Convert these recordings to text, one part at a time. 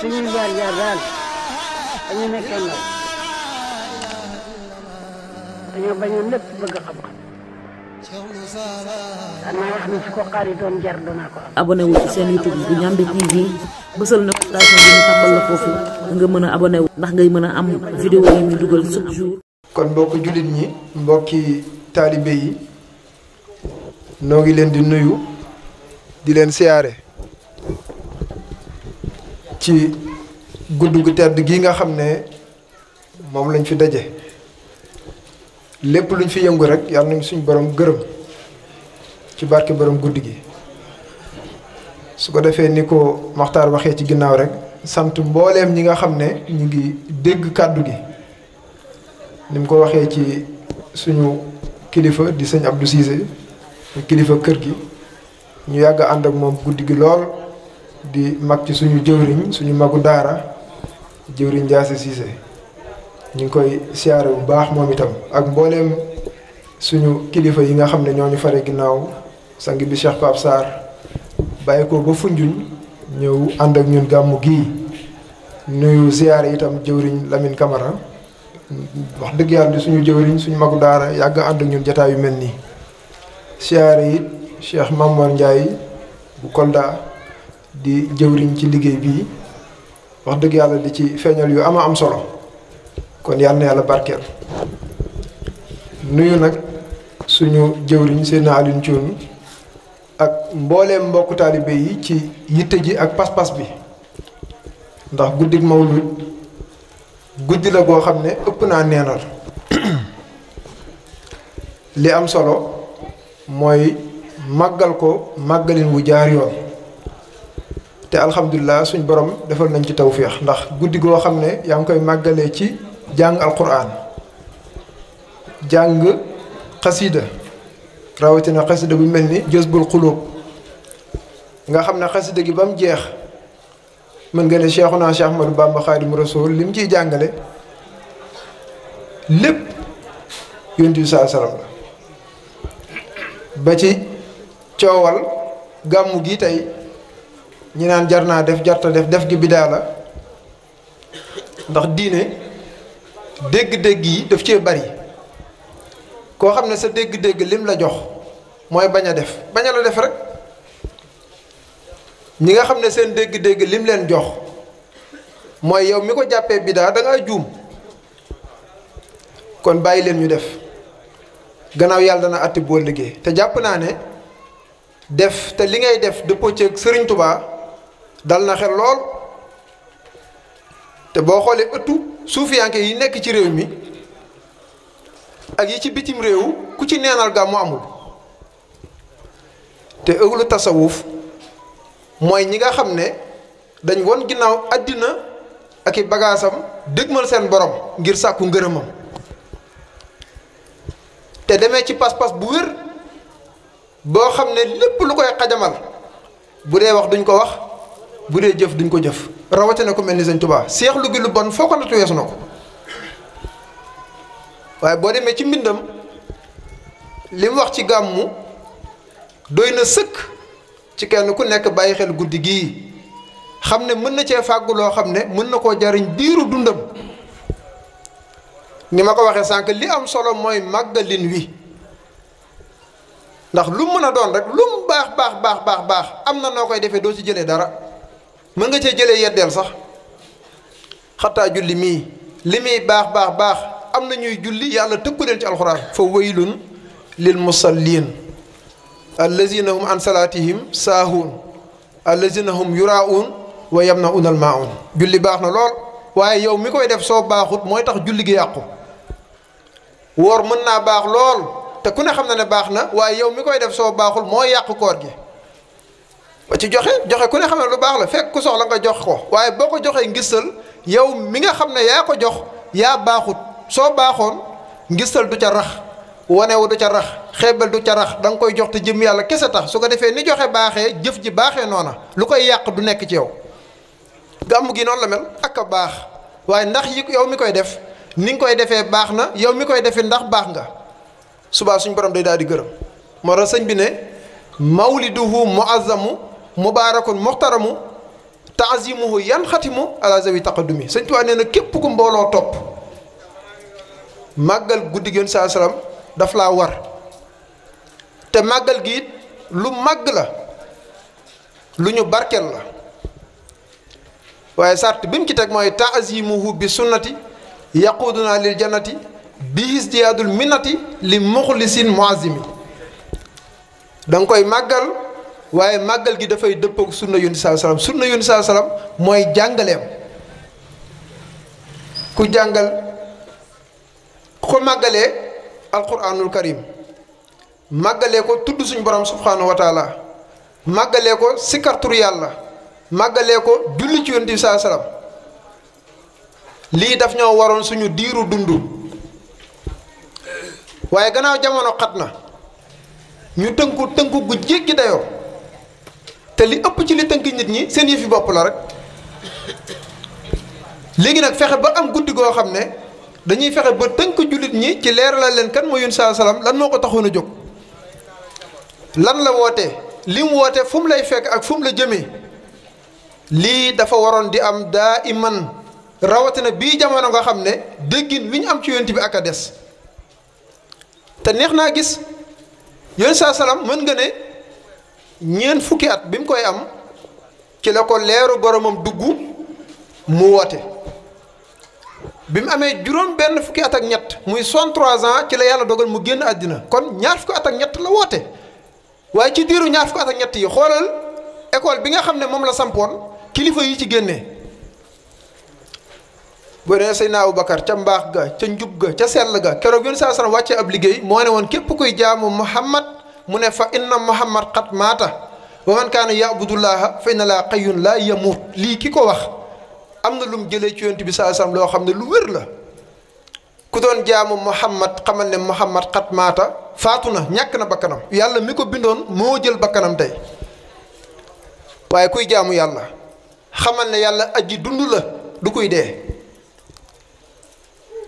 suñuy jaar-jaar daal dañu su ko xaaritoon jar bu Ndiamé TV bësal na station bi ñu tàmbal la foofu nga mën a abonné ndax ngay mën a am vidéo yi ñu dugal chaque jour. kon mbokki jullit ñi mbokki taalibe yi noo ngi leen di nuyu di leen siyaare. ci guddu gu tedd gi nga xamne ne lañ fi dajé lepp luñ fi yëngu rek yàlla nañ suñu borom gërëm ci barke borom niko gi su ko defee ni ko Maxtaar waxee ci ginnaw rek sant mbolém ñi nga xamne ne ñu ngi dégg kaddu gi nim ko waxé ci suñu kilifa di seigne Abdou Cissé kilifa kër gi ñu yagg and ak mom guddi lool di mag ci suñu jëwriñ suñu magu daara jëwriñ jaase siise ñu koy siyaare bu baax moom itam ak mbooleem suñu kilifa yi nga xam ne ñoo ñu fare ginnaaw sang bi cheikh pap sar bàyyi ko ba funjuñ ñëw ànd ak ñun gàmmu gii nuyu ziyaare itam jëwriñ lamine camara wax dëgg yàlla di suñu jëwriñ suñu magu daara yàgg ànd ak ñun jataay yu mel nii siyaare cheikh mamor bu kolda di jëwriñ ci liggéey bii wax dëgg yàlla di ci feeñal yu ama am solo kon yàlla na yàlla barkeel nuyu nag suñu jëwriñ seen Alioune Thioune ak mbooleem mbokku taalibe yi ci yitte ji ak pas-pas bi ndax guddik mawlud guddi la goo xam ne ëpp naa neenal li am solo mooy màggal ko màggalin wu jaar yoon te Alhamdulillah, suñ borom defal nañ ci tawfiq ndax guddi go xam yang koy ci jang alquran jang qasida. rawatina qasida bu melni jazbul qulub nga xam qasida gi bam jeex man nga ne Cheikhuna Cheikh Ahmadou Bamba khadim Rasuul lim ci ciy lepp lépp sallallahu alaihi ba ci ciowal gamu gi tay ñi naan jar naa def jarta def def gi bidaa la ndax diine dégg-dégg yi daf cee bari koo xam ne sa dégg-dégg lim la jox mooy bañ a def bañ la def ñi nga xam ne seen dégg lim leen jox mooy yow mi ko jàppee bidaa da ngaa juum kon bàyyi leen ñu def gannaaw yàlla dana àtte boo liggéey te jàpp naa ne def te li ngay def dëppoo ceeg Sëriñ Tubaa dal na xel lool te boo xoolee ëttu suufiyanke yi nekk ci réew mi ak yi ci bitim réew ku ci neenal gàmmu amul te ëwlu tasawuf mooy ñi nga xam ne dañu won ginnaaw àddina ak i bagaasam dégmal seen borom ngir sàkku ngërëmam te demee ci pas-pas bu wér boo xam ne lépp lu koy xajamal bu dee wax duñ ko wax bude dee jëf duñ ko jëf na ko mel ni sëñ bon foko as na bo ci mbindam lim wax ci gamu doyna na sëkk ci kenn ku nekk bàyyi xel guddi gii xam ne mën na cee loo xam ne mën na koo jariñ diiru dundam ni ma ko waxee sànq li am solo mooy màggalin wi ndax lu mën a rek lu mu baax baax baax baax baax am na noo ci dara mën nga cee jëlee yeddeel sax xataa julli mii li muy baax baax baax am na ñuy julli yàlla tëkku leen ci alxuraan fa waylun lil musallin allazina hum an salaatihim saahuun allazina hum yuraauun wa yamnauna almaauun julli baax na lool waaye yow mi koy def soo baaxut mooy tax julli gi yàqu woor mën naa baax lool te ku ne xam na ne baax na waaye yow mi koy def soo baaxul moo yàq koor gi ci joxe joxe ku ne xam ne lu baax la fekk ku soxla nga jox ko waaye boo ko joxee ngistal yow mi nga xam ne yaa ko jox yaa baaxut soo baaxoon ngistal du ca rax wanewu du ca rax xeebal du ca rax da koy jox te jëm yàlla kese tax su ko defee ni joxe baaxee jëf ji baaxee noona lu koy yàq du nekk ci yow. gàmm gi noonu la mel ak a baax waaye ndax yi yow mi koy def ni nga koy defee baax na yow mi koy defee ndax baax nga subaa suñu borom day daal di gërëm moo tax sëñ bi ne mawliduhu mubaarakun muxtaramu taazimuhu yan xatimu ala zawi taqaddumi sëñ Tuubaa nee na magal ku mbooloo topp màggal guddi gën saa salaam daf laa war te màggal gi it lu màgg la lu ñu barkeel la waaye sart bi mu ci teg mooy taazimuhu bi sunnati yaquduna lil jannati bi isdiyaadul minnati li muxlisin muazimi da koy màggal waaye màggal gi dafay dëppook sunna yónni saa salaam sunna yónni saa mooy jàngaleem ku jàngal ko màggalee alquranul karim màggalee ko tudd suñu borom subhanahu wa taala ko sikartur yàlla màggale ko julli ci yónni lii daf ñoo waroon suñu diiru dund waaye gannaaw jamono xat na ñu tënku tënku gu jéggi dayoo te li ëpp ci li tënk nit ñi seen yëfi bopp la rek léegi nag fexe ba am guddi goo xam ne dañuy fexe ba tënk jullit ñi ci leeralal leen kan moo yun saa salaam lan moo ko taxoon a jóg lan la woote li mu woote fu lay fekk ak fu la jëme lii dafa waroon di am daa iman rawatina bii jamono nga xam ne déggin wi am ci yonent bi ak a des te neex naa gis yun saa salaam mën nga ne. ñeent fukki at bi mu koy am ci la ko leeru boromam dugg mu woote bi mu amee juróom benn fukki at ak ñett muy 63 ans ci la yàlla dogal mu génn àddina kon ñaar fukki at ak ñett la woote waaye ci diiru ñaar fukki at ak ñett yi xoolal école bi nga xam ne moom la sampoon kilifa yi ci génnee boo dee Seydina Aboubacar ca mbaax ga ca njub ga ca sell ga keroog yoon saa sana wàccee ab liggéey moo ne woon képp kuy jaamu Muhammad mu ne fa inna muhammad xat maata wa man fa inna laa qayyun laa yamuut lii ki ko wax am na lu mu jëlee ci yonent bi saa sam loo xam ne lu wér la ku doon jaamu muhammad xamal ne muhammad xat maata faatu na ñàkk na bakkanam yàlla mi ko bindoon moo jël bakkanam tey waaye kuy jaamu yàlla xamal ne yàlla aji dund la du kuy dee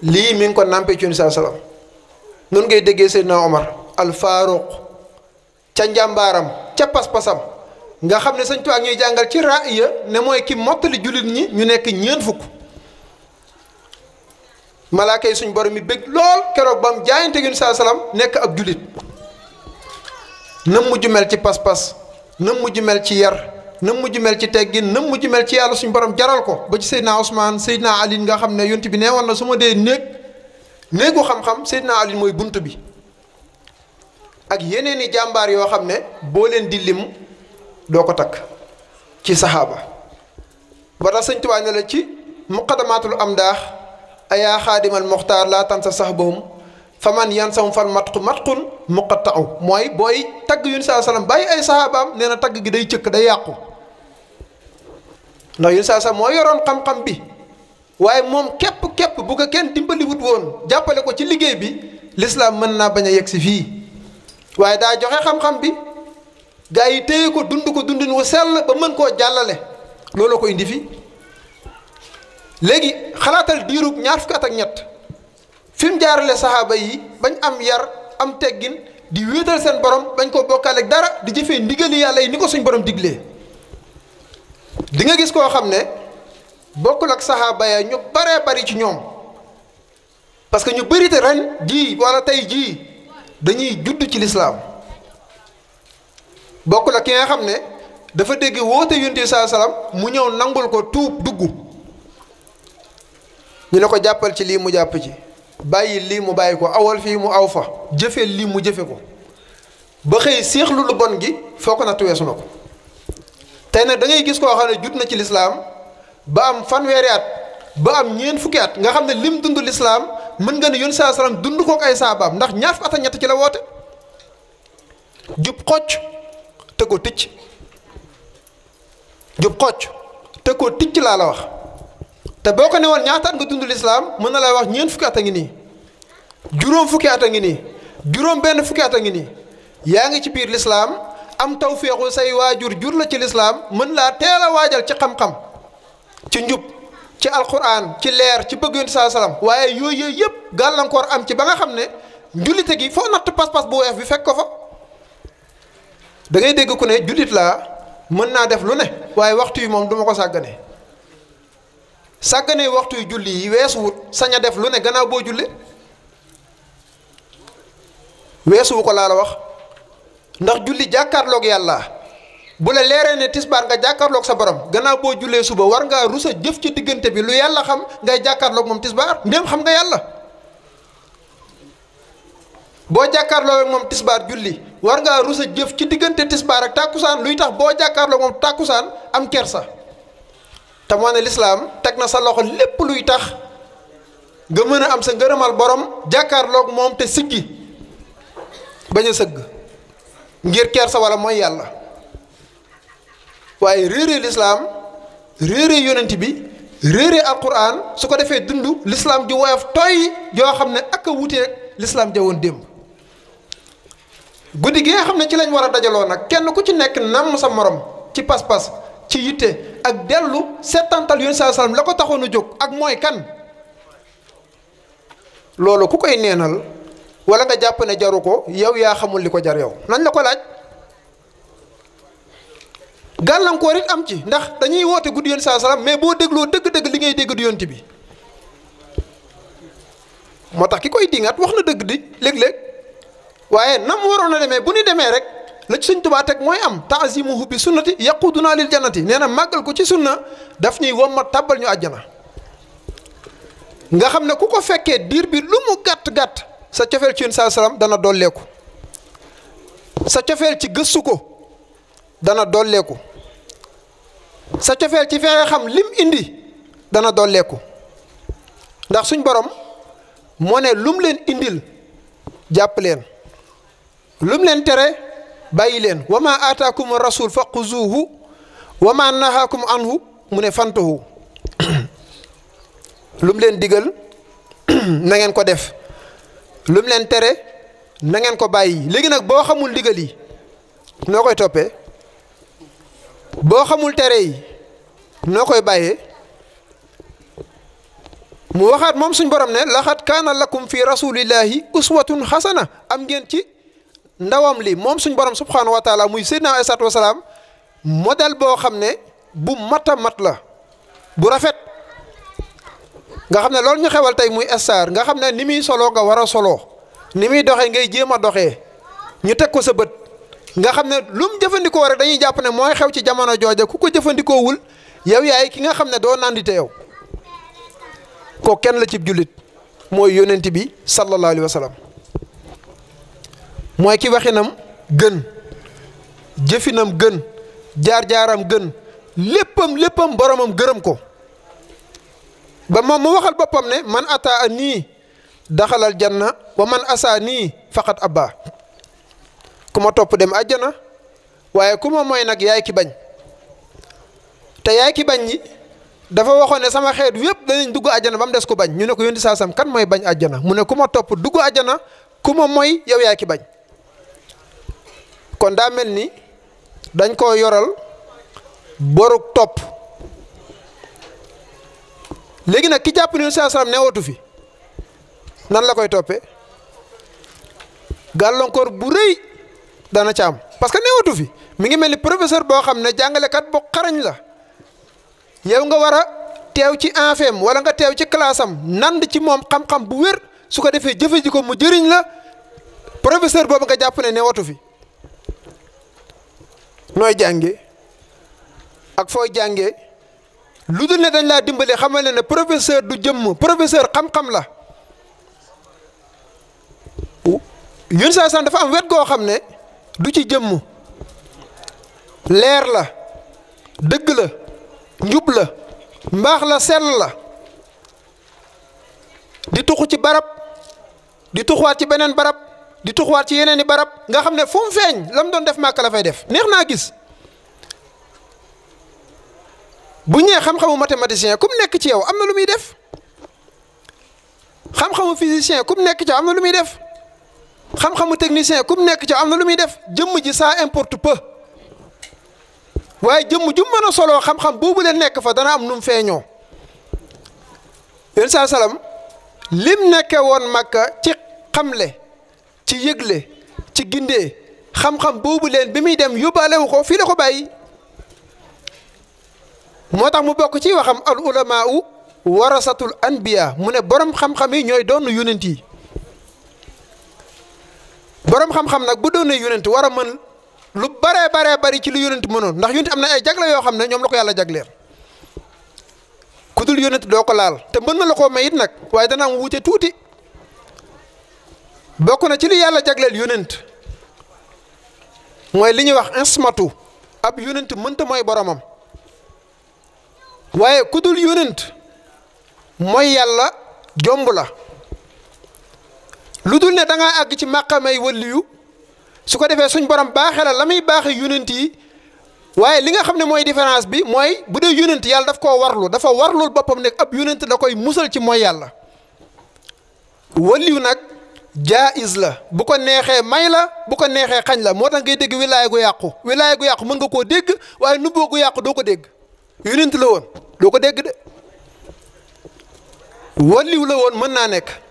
lii mi ngi ko nàmpee ci yonent bi saa salaam noonu ngay déggee Seydina Omar al Faaruq ca njàmbaaram ca pas-pasam nga xam ne sëñ Tuubaa ñuy jàngal ci raaya ne mooy ki mottali jullit ñi ñu nekk ñeent fukk malaaka suñu borom mi bëgg lool keroog ba mu jaayante gi saa salaam nekk ab jullit na mujj mel ci pas-pas na mujj mel ci yar na mujj mel ci teggin na mujj mel ci yàlla suñu borom jaral ko ba ci Seydina Ousmane Seydina Ali nga xam ne yont bi nee woon na su ma dee néeg néegu xam-xam Seydina Ali mooy bunt bi. ak yeneen i jàmbaar yoo xam ne boo leen di lim doo ko takk ci saxaaba ba tax sëñ Tuubaa ne la ci am daax ayaa xaadimal muxtaar laa tansa saxbahum faman yan sam fan matqu matqun muqattau mooy booy tagg yun saa salaam bàyyi ay saxaabaam nee na tagg gi day cëkk day yàqu ndax yun saa salaam mooy yoroon xam-xam bi waaye moom képp képp bu ko kenn dimbaliwut woon jàppale ko ci liggéey bi lislaam mën naa bañ a yegg si fii waaye daa joxe xam-xam bi gaa yi téye ko dund ko dundin wu sell ba mën koo jàllale loolu ko indi fi léegi xalaatal diirub ñaar fukki at ak ñett fi mu jaarale saxaaba yi bañ am yar am teggin di wéetal seen borom bañ ko bokkaale ak dara di jëfee ndigali yàlla yi ni ko suñ borom diglee di nga gis koo xam ne bokkul ak saxaaba ya ñu bare bari ci ñoom parce que ñu bëri te ren jii wala tey jii. dañuy judd ci lislaam bokk na ki nga xam ne dafa dégg woote yonent bi salaam mu ñëw nangul ko tuub dugg ñu ne ko jàppal ci lii mu jàpp ci bàyyi lii mu bàyyi ko awal fii mu aw fa jëfee lii mu jëfe ko ba xëy séexlu lu bon gi foo na natt weesu na ko tey nag dangay gis koo xam ne jut na ci lislaam ba am fanweeri at ba am ñeent fukki at nga xam ne lim dund lislaam mën nga ne yoon saa salaam dund ko ay saabaam ndax ñaaf fukk at ak ñett ci la woote jub xocc te ko ticc jub xocc te ko ticc laa la wax te boo ko ne woon ñaata nga dund lislaam mën na laa wax ñeen fukki ata ngi nii juróom fukki ata ngi nii juróom benn fukki ata ngi nii yaa ngi ci biir lislaam am tawféexu say waajur jur la ci lislaam mën laa teel a waajal ci xam-xam ci njub ci alquran ci leer ci bëgg yonte saa salaam yoy yooyu yooyu am ci ba nga xamne ne gi fo nat pas-pas bu weef bi fekk ko fa da ngay dégg ku ne julit la mën naa def lu ne waaye waxtu yi moom duma ko sàggane sàggane waxtu yi julli yi weesuwut sañ a def lu ne gannaaw boo julle weesuwu ko laa la wax ndax julli jàkkaarloog yàlla bu la netis ne tisbar nga ak sa borom gannaaw bo jullee suba war nga rusa jëf ci diggante bi lu yalla xam ngay ak mom tisbar ndem xam nga bo jakarlo ak mom tisbar julli war nga rusa jëf ci diggante tisbar ak takusan luy tax jakarlo ak mom takusan am kersa ta mo ne l'islam tek na sa loxo lepp luy tax nga am sa ngeureumal borom ak mom te siggi baña seug ngir kersa wala moy Yalla waye réeree l'islam réeree yonent bi réeree alquran su ko defee dund l'islam ju woyof toy joo xam ne ak a wuteeg lislaam ja woon démb guddi gi xam ne ci lañ war a dajaloo kenn ku ci nekk nam sa morom ci pas-pas ci yitte ak dellu settantal yoon saa salaam la ko ak mooy kan lolo, ku koy neenal wala nga jàpp ne jaru ko yow yaa xamul li ko jar yow nan la ko laaj gàllankoor it am ci ndax dañuy woote guddi yonent saa salaam mais boo dégloo dëgg-dëgg li ngay dégg du yonent bi moo tax ki koy dingaat wax na dëgg di léeg-léeg waaye nam waroon a demee bu ñu demee rek la ci Sëñ teg mooy am mu bi sunnati naa lil jannati nee na màggal ko ci sunna daf ñuy wommat tàbbal ñu àjjana nga xam ne ku ko fekkee diir bi lu mu gàtt gàtt sa cofeel ci yonent saa salaam dana dolleeku sa cofeel ci gëstu ko. dana dolleeku sa cofeel ci fexe xam lim indi dana dolleeku ndax suñ borom moo ne lum leen indil jàpp leen lum leen tere bàyyi leen wa ma aataakum rasul fa xuzuuhu wa ma nahaakum anhu mu ne fantahu lum leen digal nangeen ko def lum leen tere na ngeen ko bàyyi léegi nag boo xamul digal yi noo koy toppee boo xamul tere yi noo koy bàyyee mu waxaat moom suñ borom ne laxat kaana lakum fi rasulillahi uswatun hasana am ngeen ci ndawam li mom suñ borom subhanahu wa taala muy sayyidina alayhi salaatu wasalaam modèle boo bo ne bu mat a mat la bu rafet nga xam ne loolu ñu xewal tey muy nga xam ni muy soloo nga war a ni muy doxee ngay jéem ñu ko sa bët nga xamne ne lu mu jëfandikoo rek dañuy jàpp ne moy xew ci jamono jojje ku ko wul yow yaay ki nga xamne do nandite yow ko kenn la ci julit moy yonent bi sallallahu alayhi wasallam moy ki waxinam gën jëfinam gën jaar-jaaram gën léppam léppam boromam gërëm ko ba moom mu waxal bopam ne man ataa nii daxalal janna wa man asani faqat abba ku ma topp dem àjjana waaye ku ma mooy nag yaay ki bañ te yaay ki bañ yi dafa waxoon ne sama xeet yëpp danañ dugg àjjana ba mu des ko bañ ñu ne ko yónni saa kan mooy bañ àjjana mu ne ku ma topp dugg àjjana ku ma mooy yow yaay ki bañ kon daa mel ni dañ koo yoral boruk topp léegi nag ki jàpp ne saa sam newatu fi nan la koy toppe gàllankoor bu rëy. dana ca am parce que watu fi mi ngi mel ni professeur boo xam ne jàngalekat bu xarañ la yow nga war a teew ci enfem wala nga teew ci classe am nand ci moom xam-xam bu wér su ko defee jëfe ji ko mu jëriñ la professeur boobu nga jàpp ne newatu fi nooy jàngee ak fooy jàngee lu dul ne dañ laa dimbale xamal ne professeur du jëmm professeur xam-xam la yun saa san dafa am wet goo xam ne du ci jëmm leer la dëgg la njub la mbaax la sell la di tuxu ci barab di tuxuwaat ci beneen barab di tuxuwaat ci yeneen i barab nga xam ne fu mu feeñ la doon def màkk la fay def neex naa gis bu ñëwee xam-xamu mathématicien ku mu nekk ci yow am na lu muy def xam-xamu physicien ku nekk ci yow am na lu muy def xam-xamu technicien kum nek ci amna lu muy def jëm ji ça importe peu waaye jëm ju mën solo xam-xam bobu le nek fa dana am num feño feeñoo yéen saa lim nekke woon Makka ci xamle ci yëgle ci gindé xam-xam bobu len bi muy dem yóbbaale wu ko fii la ko bàyyi motax mu bok ci waxam al ulama warasatul anbiya mune borom xam-xam yi ñoy doon yonent borom xam-xam nag bu doonee yonent war a mën lu bare baree bari ci lu yonent mënoon ndax yonent am na ay jagle yoo xam ne ñoom la ko yàlla jagleel ku dul yonent doo ko laal te mën na la koo may it nag waaye dana am wuute tuuti bokk na ci li yàlla jagleel yonent mooy li ñuy wax ismatu ab yonent mënta mooy boromam waaye ku dul yonent mooy yàlla jomb lu dul ne da ngaa àgg ci màqamay waliyu su ko defee suñ borom baaxee la la muy baaxee yonent yi waaye li nga xam ne mooy différence bi mooy bu dee yonent yàlla daf koo warlu dafa warlul boppam ne ab yonent la koy musal ci mooy yàlla waliyu nag jaayis la bu ko neexee may la bu ko neexee xañ la moo tax ngay dégg wilaaya gu yàqu wilaaya gu yàqu mën nga koo dégg waaye nubboo gu yàqu doo ko dégg yonent la woon doo ko dégg de waliyu la woon mën naa nekk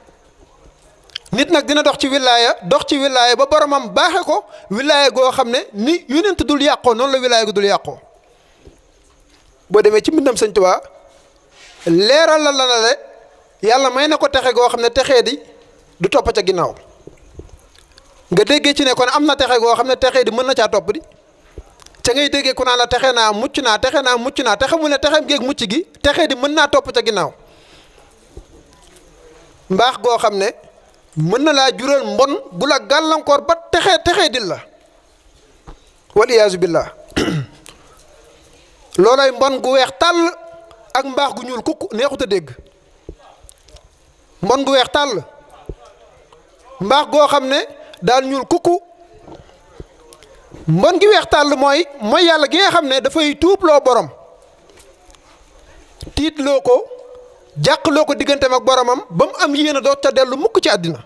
nit nag dina dox ci wilaaya dox ci wilaaya ba boromam baaxe ko wilaaya goo xam ne ni yonent dul yàqoo noonu la wilaaya gi dul yàqoo boo demee ci mbindam sëñ Tuubaa leeral la la le yàlla may na ko texe goo xam ne texee di du topp ca ginnaaw nga déggee ci ne kon am na texe goo xam ne texe di mën na caa topp di ca ngay déggee ku naan la texe naa mucc naa texe naa mucc naa texe mu ne texem géeg mucc gi texe di mën naa topp ca ginnaaw mbaax goo xam ne mën na laa jural mbon bu la gàllankoor ba texe texe dil la waliyaasu billaah loolay mbon gu weex tàll ak mbaax gu ñuul kukk neexut a dégg mbon gu weex tàll mbaax goo xam ne daal ñuul kukk mbon gi weex tàll mooy mooy yàlla gi nga xam ne dafay tuubloo borom loo ko jàq loo ko digganteem ak boromam ba mu am yéene doo ca dellu mukk ci àddina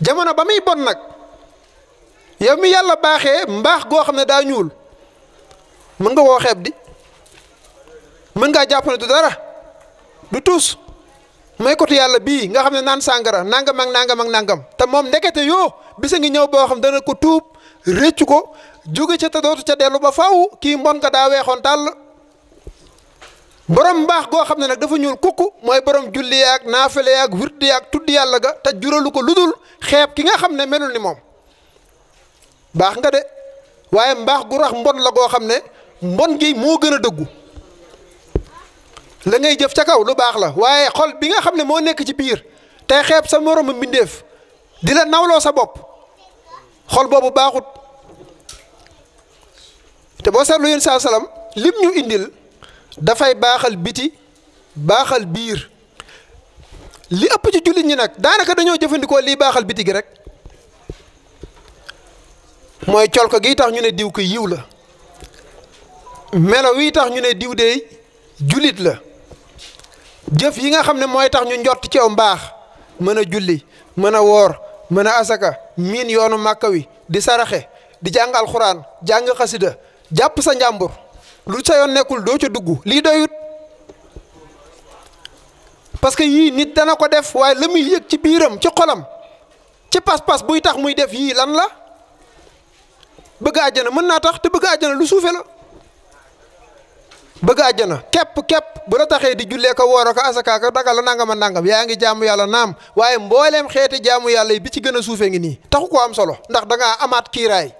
jamono ba muy bon nag yow mi yàlla baaxee mbaax goo xam ne daa ñuul mën nga koo xeeb di mën ngaa jàpp ne du dara du tuus mooy kotu yàlla bii nga xam ne naan sàngara nangam ak nangam ak nangam te moom ndekete yoo bisa ngi ñëw boo xam dana ko tuub réccu ko jóge ca te dootu ca dellu ba faw kii mbon nga daa weexoon tàll borom mbaax goo xam ne nag dafa ñuul kukk mooy borom julli yaag naafale yaag wirdi yaag tudd yàlla ga te juralu ko lu dul xeeb ki nga xam ne melul ni moom baax nga de waaye mbaax gu rax mbon la goo xam ne mbon gi moo gën a dëggu la ngay jëf ca kaw lu baax la waaye xol bi nga xam ne moo nekk ci biir te xeeb sa moromu mbindeef di la nawloo sa bopp xol boobu baaxut te boo seetlu yéen saa salaam lim ñu indil. dafay baaxal biti baaxal biir li ëpp ci jullit ñi nag daanaka dañoo jëfandikoo lii baaxal biti gi rek mooy colko gi tax ñu ne diw ko yiw la melo wi tax ñu ne diw dey jullit la jëf yi nga xam ne mooy tax ñu njort ci aw mbaax mën a julli mën a woor mën a asaka miin yoonu màkka wi di saraxe di jàng alxuraan jàng xasida jàpp sa njàmbur lu sa yoon nekkul doo ca dugg lii doyut parce que yii nit dana ko def waaye la muy yëg ci biiram ci xolam ci pas-pas buy tax muy def yii lan la bëgg àjjana mën naa tax te bëgg àjjana lu suufe la bëgg àjjana képp képp bu la taxee di jullee ko woor ko asaka ko la nangam nangam yaa ngi jaamu yàlla naam waaye mbooleem xeeti jaamu yàlla yi bi ci gën a suufee ngi nii taxu ko am solo ndax danga amaat kiiraay.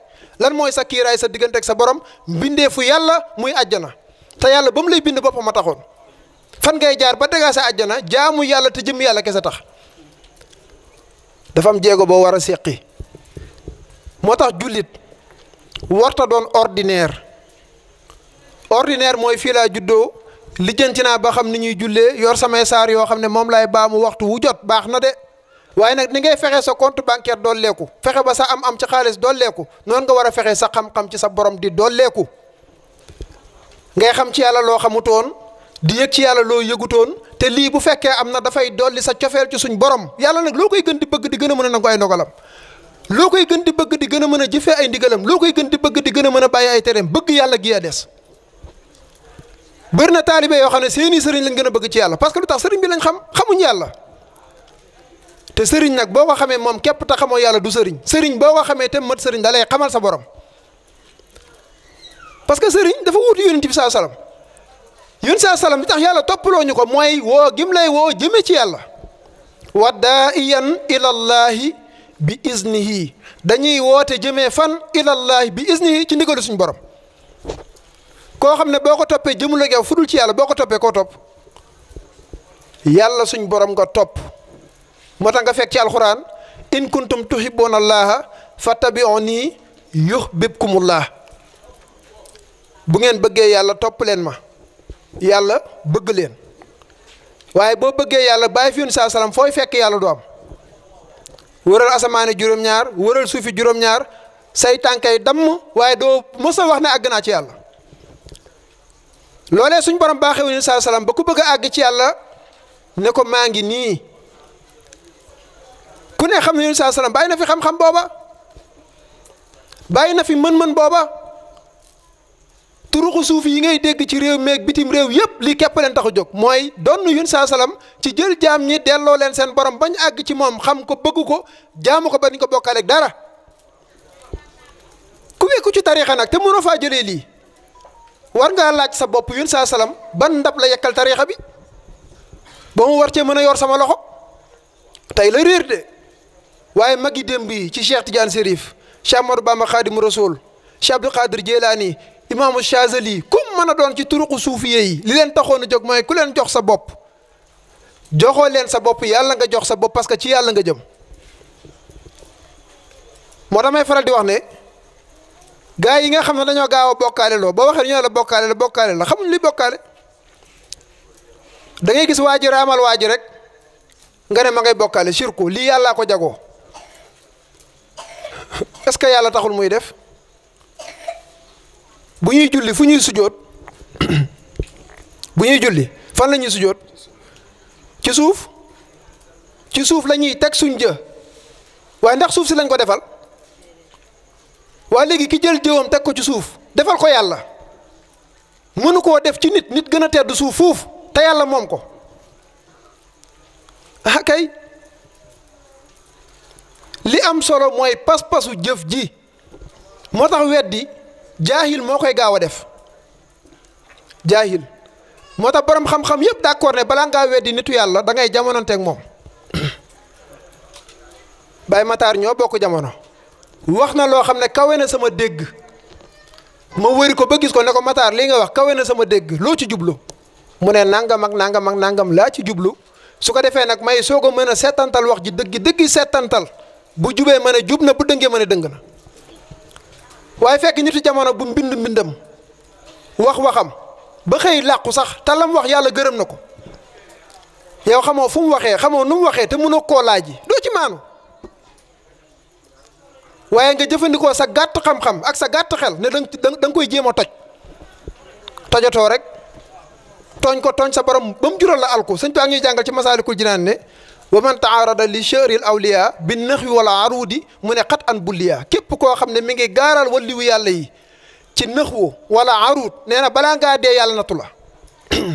lan mooy sa kiiraay sa diggante ak sa borom mbindeefu yàlla muy àjjana te yàlla ba mu lay bind boppam a taxoon fan ngay jaar ba déggaa sa àjjana jaamu yàlla te jëm yàlla kese tax dafa am jéego boo war a seqi moo tax jullit warta doon ordinaire ordinaire mooy fii juddoo lijjanti naa ba xam ni ñuy jullee yor samay saar yoo xam ne moom laay baamu waxtu wu jot baax na de waaye nag ni ngay fexe sa compte bancaire dolleeku fexe ba sa am-am ci xaalis dolleeku noonu nga war a fexe sa xam-xam ci sa borom di dolleeku ngay xam ci yàlla loo xamutoon di yëg ci yàlla loo yëgutoon te lii bu fekkee am na dafay dolli sa cofeel ci suñ borom yàlla nag loo koy gën di bëgg di gën a mën a nangu ay loo koy gën di bëgg di gën a mën a jëfee ay ndigalam loo koy gën di bëgg di gën a mën a bàyyi ay tereem bëgg yàlla gi a des bëri na taalibe yoo xam ne seeni sëriñ lañ gën a bëgg parce que tax sëriñ lañ xam xamuñ yàlla te sëriñ nag boo ko xamee moom képp te xamoo yàlla du sëriñ sëriñ boo ko xamee te mat sëriñ da lay xamal sa borom parce que sëriñ dafa wuutu yonent bi saa salaam yonent saa salaam li tax yàlla toppaloo ñu ko mooy woo gim lay woo jëme ci yàlla wa daaiyan ilallahi bi iznihi dañuy woote jëmee fan ilallahi bi iznihi ci ndigalu suñu borom koo xam ne boo ko toppee jëmul ak yow ci yàlla boo ko toppee koo topp yàlla suñ borom nga topp motax nga fekk ci alquran in kuntum tuhibbuna allaha fattabi'uni yuhibbukumullah bu ngeen bëggee yàlla topp leen ma yàlla bëgg leen waaye boo bëggee yàlla bàyyi fi yoon saa salaam fooy fekk yàlla du am wëral asamaane juróom-ñaar wëral suufi juróom-ñaar say tànkay damm waaye doo mos wax ne àgg naa ci yàlla loolee suñ borom baaxee wu ñu salaam ba ku bëgg a ci yàlla ne ko maa ngi bu ne xam ne yonent saa salaam bàyyi na fi xam-xam booba bàyyi na fi mën-mën booba turuxu suuf yi ngay dégg ci réew meeg bitim réew yëpp li kepp leen tax a jóg mooy donn yonent saa salaam ci jël jaam ñi delloo leen seen borom bañ àgg ci moom xam ko bëgg ko jaamu ko ba ñu ko bokkaaleeg dara ku wekku ci tarixa nag te mënoo faa jëlee lii war ngaa laaj sa bopp yonent saa salaam ban ndab la yekkal tariixa bi boo mu war cee mën a yor sama loxo tey la réer de. waaye mag yi démb bi ci Cheikh Tidiane Serif Cheikh Amadou Bamba Khadim Rasoul Cheikh Abdou Khadir Jeylaani imaamu Chazali kum mën a doon ci turuqu suufiyee yi li leen taxoon a jóg mooy ku leen jox sa bopp joxoo leen sa bopp yàlla nga jox sa bopp parce que ci yàlla nga jëm moo damay faral di wax ne gaa yi nga xam ne dañoo gaaw a bokkaale loo boo waxee ñoo la bokkaale la bokkaale la xamuñ li bokkaale da ngay gis waa ji raamal rek nga ne ma ngay bokkaale surku lii yàllaa ko jagoo. est-ce que yàlla taxul muy def bu ñuy julli fu ñuy sujoot bu ñuy julli fan la ñuy sujoot ci suuf ci suuf lañuy teg suñ jë waaye ndax suuf si lañ ko defal waa léegi ki jël jëwam teg ko ci suuf defal ko yàlla mënu koo def ci nit nit gën a tedd suuf fuuf te yàlla moom ko ah kay li am solo mooy pas-pasu jëf ji moo tax weddi jaahil moo koy gaaw a def jaahil moo tax borom xam-xam yëpp d'accord ne balaa ngaa weddi nitu yàlla da ngay jamononteeg moom Baye Matar ñoo bokk jamono wax na loo xam ne kawe na sama dégg ma wëri ko ba gis ko ne ko Matar lii nga wax kawe na sama dégg loo ci jublu mu ne nangam ak nangam ak nangam laa ci jublu su ko defee nag may soo ko mën a setantal wax ji dëgg dëgg seetantal bu jubee ma ne jub na bu dëngee ma ne dëng na waaye fekk nitu jamono bu mbind mbindam wax waxam ba xëy làqu sax te wax yàlla gërëm na ko yow xamoo fu mu waxee xamoo nu mu waxee te mënoo koo laaj yi doo ci maanu waaye nga jëfandikoo sa gàtt xam-xam ak sa gàtt xel ne danga da nga koy jéem a toj tojatoo rek tooñ ko tooñ sa borom ba mu jural la alku sëñ bi ñuy jàngal ci masaalikul jinaan ne ومن تعارض لشر الاولياء بالنخ والعرود من قد ان بوليا كيب كو خامني ميغي غارال وليو يالا يي تي نخو ولا عرود نينا بلا نغا دي يالا نتولا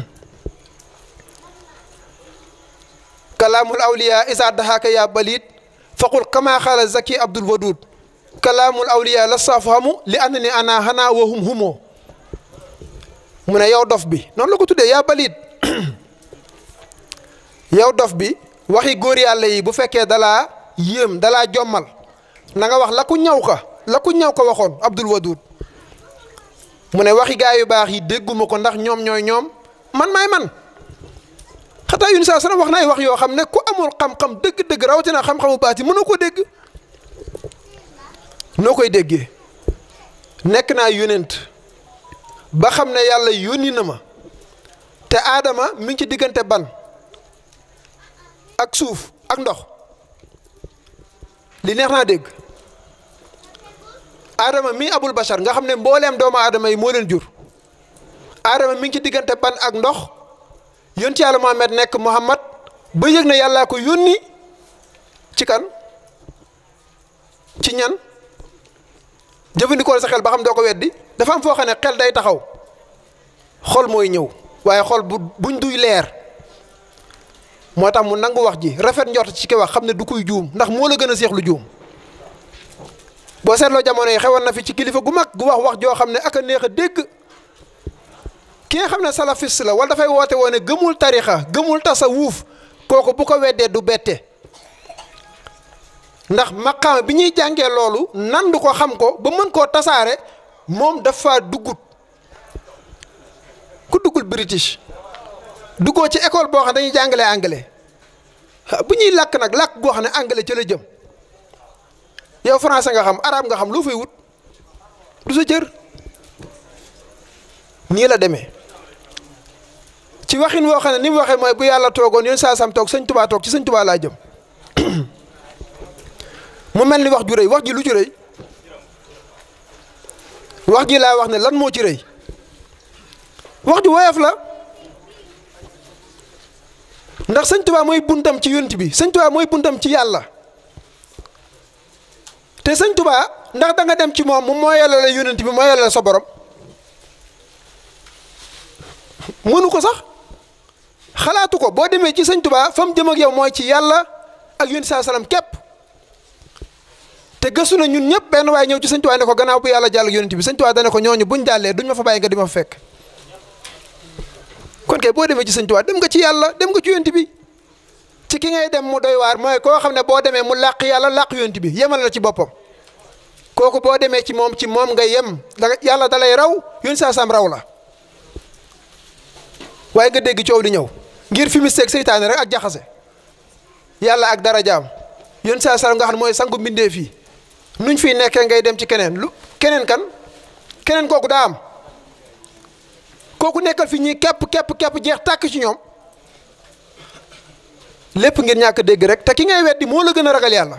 كلام الاولياء اذا دهاك يا بليد فقل كما قال زكي عبد الودود كلام الاولياء لا صافهم لانني انا هنا وهم هم من يا بي نون لاكو تودي يا بليد يا بي waxi góor yàlla yi bu fekke dala yem dala jomal na nga wax la ku ñaw ka la ku ñaw ko waxon Abdul Wadud mune waxi gaay yu bax yi deggumako ndax ñom ñoy ñom man may man xata yunus ni saa wax wax yo xamne ku amul xam-xam deug deug rawtina xam-xamu baati mu mënoo ko dégg noo koy déggee nekk naa yónent ba xamne yàlla yoni na ma te adama mi ci digante ban ak suuf ak ndox li neex naa dégg aadama mii abul bachar nga xam ne mbooleem doomu aadama yi moo leen jur aadama mi ngi ci diggante ban ak ndox yonti yàlla Muhammad nekk Muhammad ba yëg na yàllaa ko yónni ci kan ci ñan jëfandikoo sa xel ba xam doo ko weddi dafa am foo xam ne xel day taxaw xol mooy ñëw waaye xol bu buñ duy leer moo tax mu nangu wax ji rafet njort ci ki wax xam ne du kuy juum ndax moo la gën a seex lu juum boo seetloo jamono yi xewoon na fi ci kilifa gu mag gu wax wax joo xam ne ak a neex a dégg ki xam ne salafiste la wala dafay woote woone gëmul tarixa gëmul tasa wuuf kooku bu ko weddee du bette ndax maqaama bi ñuy jàngee loolu nandu ko xam ko ba mën koo tasaare moom dafa duggut ku duggul british duggoo ci école boo xam dañuy jàngalee anglais bu ñuy làkk nag làkk goo xam ne anglais ca la jëm yow français nga xam arabe nga xam loo fay wut du sa cër nii la demee ci waxin woo xam ne ni mu waxee mooy bu yàlla toogoon yoon saa sam toog sëñ tubaa toog ci sëñ tubaa laa jëm mu mel ni wax ju rëy wax ji lu ci rëy wax ji laa wax ne lan moo ci rëy wax ju woyof la. ndax sañ tubaa mooy buntam ci yont bi sëñ Tuubaa mooy buntam ci yàlla te sëñ tubaa ndax da nga dem ci moom moom moo yàlla la yonent bi moo yàlla la sa borom mënu ko sax xalaatu ko boo demee ci sëñ tubaa fa mu jëm ak yow mooy ci yàlla ak yonent saa salaam képp te gëstu na ñun ñëpp benn waaye ñëw ci sëñ Tuubaa ne ko gannaaw bu yàlla jàll ak yonent bi sëñ Tuubaa dana ko ñooñu buñ jàllee duñ ma fa bàyyi nga di ma fa fekk. kon kay boo demee ci sëñ Tuubaa dem nga ci yàlla dem nga ci yonent bi ci ki ngay dem mu doy waar mooy koo xam ne boo demee mu làq yàlla làq yonent bi yemal la ci boppam kooku boo demee ci moom ci moom nga yem da yàlla dalay raw yoon saa sam raw la waaye nga dégg coow li ñëw ngir fi mu seeg seytaane rek ak jaxase yàlla ak dara jaam yoon saa sam nga xam mooy sangu mbindee fii nuñ fi nekkee ngay dem ci keneen lu keneen kan keneen kooku daa am. koku nekkal fi ñi kep kep kep jeex tak ci ñom lepp ngeen ñàkk dégg rek ta ki ngay weddi mo la gëna ragal yalla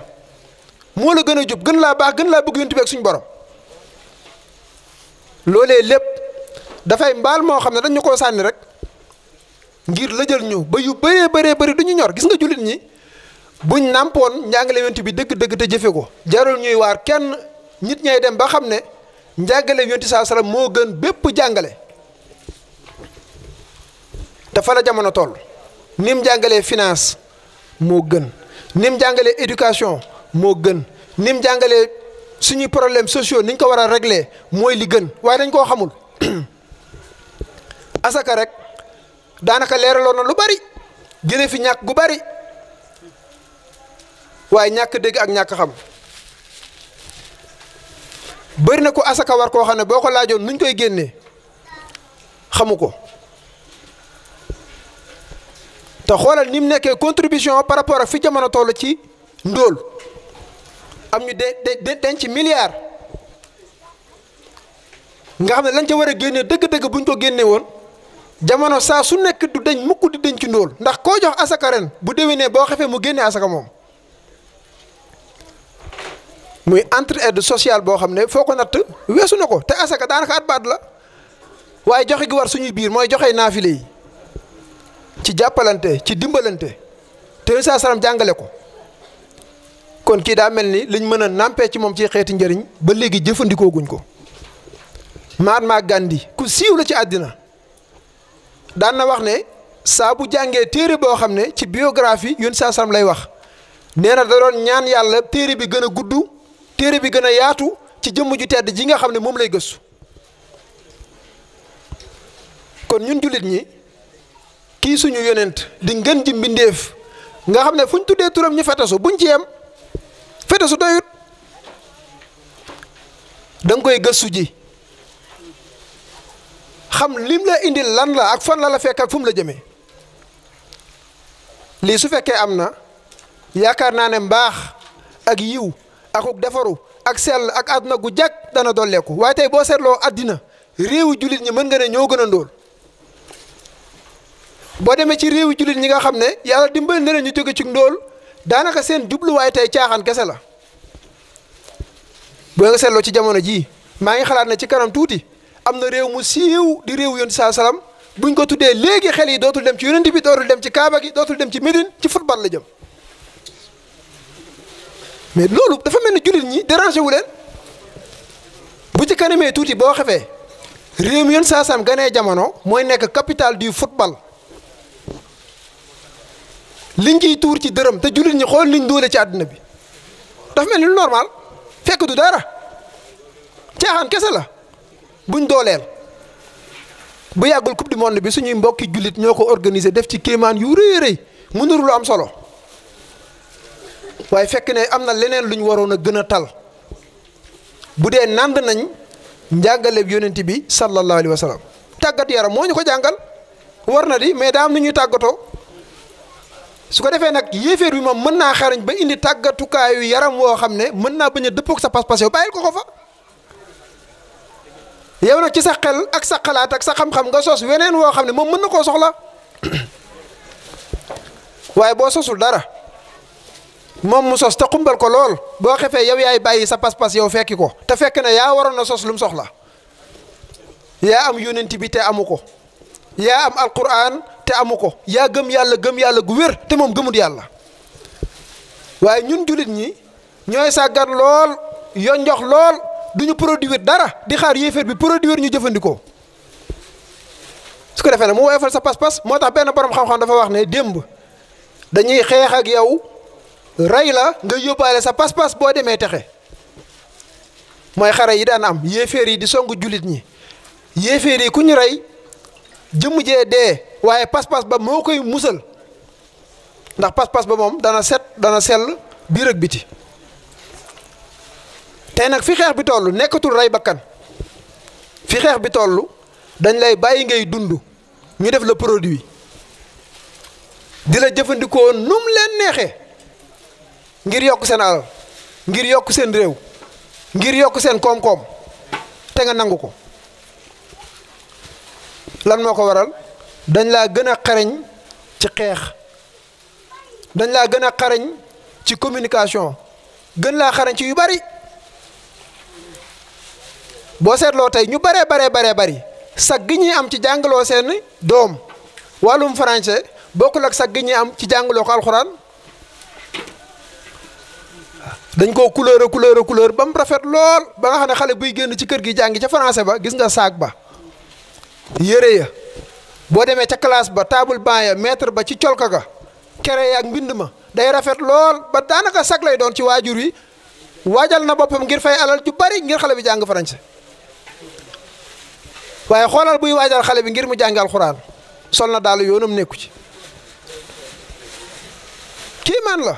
mo la gëna jup gën la baax gën la bëgg yonent bi suñu borom lolé lepp da fay mbal mo xamne dañ ñuko sanni rek ngir jël ñu ba yu bëré bëré bëri duñu ñor gis nga julit ñi buñ nampon njàngale yonent bi dëgg-dëgg te jëfé ko jarul ñuy waar kenn nit ñay dem ba xamne ne njàngale sallallahu saa wasallam mo gën bëpp jangale te la jamono tool ni mu jàngalee finance moo gën ni mu jàngalee éducation moo gën ni mu jàngalee suñuy problème sociaux niñ ko war a régle mooy li gën waaye dañ koo xamul asaka rek daanaka leeraloon na lu bari jëlee fi ñàkk gu bari waaye ñàkk dégg ak ñàkk xam bëri na ko asaka war koo xam ne boo ko laajoon nuñ koy génnee xamu ko. te xoolal ni mu nekkee contribution par rapport a fi jamono toll ci ndóol am ñu de denc milliard nga xam ne lañ ca war a génnee dëgg-dëgg bu ñu ko génne woon jamono saa su nekk du deñ mukk deñ ci ndóol ndax koo jox asaka ren bu déwénee boo xefee mu génnee asaka moom muy entraide sociale boo xam ne foo ko natt weesu na ko te asaka daanaka at baat la waaye joxe gi war suñuy biir mooy joxe naafile yi. ci jàppalante ci dimbalante te yooyu saa salaam jàngale ko kon kii daa mel ni liñ mën a nàmpee ci moom ci xeeti njariñ ba léegi jëfandikooguñ ko ko Mahatma Gandhi ku siiw la ci àddina daan na wax ne saa bu jàngee téere boo xam ne ci biographie yoon saa salaam lay wax nee na da doon ñaan yàlla téere bi gën a gudd téere bi gën a yaatu ci jëmm ju tedd ji nga xam ne moom lay gësu kon ñun jullit ñi kii suñu yonent di ngën ji mbindeef nga xam ne fu ñu tuddee turam ñu fetasu buñ ci yem fetasu doyut da nga koy gëstu ji xam lim la indil lan la ak fan la la fekk ak fu mu la jëmee lii su fekkee am na yaakaar naa ne mbaax ak yiw akuk defaru ak sell ak àdduna gu jag dana dolleeku waaye tey boo seetloo àddina réewu jullit ñi mën nga ne ñoo gën a ndóol boo demee ci réew réewi jullit ñi nga xam ne yàlla dimbali na leen ñu jóge ci ndóol daanaka seen jubluwaay tey caaxaan kese la boo nga seetloo ci jamono jii maa ngi xalaat na ci kanam tuuti am na réew mu siiw di réew yonent saa salaam buñ ko tuddee léegi xel yi dootul dem ci yonent bi dootul dem ci Kaaba gi dootul dem ci Médine ci football la jëm mais loolu dafa mel ni jullit ñi dérangé wu leen bu ci kanamee tuuti boo xefee réew mi yonent saa salaam ganee jamono mooy nekk capitale du football. liñ ciy tuur ci dërëm te jullit ñi xool liñ doole ci àdduna bi dafa mel ni lu normal fekk du dara caaxaan kese la buñ dooleel bu yàggul coupe du monde bi suñuy mbokki jullit ñoo ko organiser def ci kéemaan yu rëy rëy mu nuru lu am solo waaye fekk ne am na leneen lu ñu waroon a gën a tal bu dee nànd nañ njàngale yonent bi sallallahu alayhi wa sallam tàggat yaram moo ñu ko jàngal war na di mais daa am nu ñuy tàggatoo. su ko defee nag yéeféer bi moom mën naa xarañ ba indi tàggatukaayu yaram woo xam ne mën naa bañ a dëppook sa pas-pas yow bàyyil ko ko fa yow nag ci sa xel ak sa xalaat ak sa xam-xam nga sos weneen woo xam ne moom mën na koo soxla waaye boo sosul dara moom mu sos te xumbal ko lool boo xefee yow yaay bàyyi sa pas-pas yow fekki ko te fekk na yaa waroon na sos lu soxla yaa am yónent bi te amu ko yaa am alquran te amu ko yaa gëm yàlla gëm yàlla gu wér te moom gëmut yàlla waaye ñun jullit ñi ñooy sàggan lool yonjox lool du ñu produire dara di xaar yéeféer bi produire ñu jëfandikoo su ko defee nag mu woyofal sa pas-pas moo tax benn borom xam-xam dafa wax ne démb dañuy xeex ak yow rey la nga yóbbaale sa pas-pas boo demee texe mooy xare yi daan am yéeféer yi di songu jullit ñi yéeféer yi ku ñu rey jëm jee dee waaye pas-pas ba moo koy musal ndax pas-pas ba moom dana set dana sell biir ak biti tey nag fi xeex bi toll nekkatul rey bakkan fi xeex bi toll dañ lay bàyyi ngay dund ñu def le produit di la jëfandikoo num leen neexee ngir yokk seen alal ngir yokk seen réew ngir yokk seen koom-koom te nga nangu lan moo ko waral dañ laa gën a xarañ ci xeex dañ laa gën a xarañ ci communication gën laa xarañ ci yu bari boo seetloo tey ñu baree baree baree bari sag gi ñuy am ci jàngaloo seen doom wàllum français bokkul ak sag gi ñuy am ci jàngaloo ko alxuraan dañ koo couleur couleur couleur ba mu rafet lool ba nga xam ne xale buy génn ci kër gi jàngi ca français ba gis nga saag ba. yére ya boo demee ca classe ba taabul ban ya maître ba ci colka ga kere ya ak mbind ma day rafet lool ba daanaka sag lay doon ci waajur yi waajal na boppam ngir fay alal ju bari ngir xale bi jàng français waaye xoolal buy waajal xale bi ngir mu jàng alxuraan sol na daal yoonam nekku ci kii la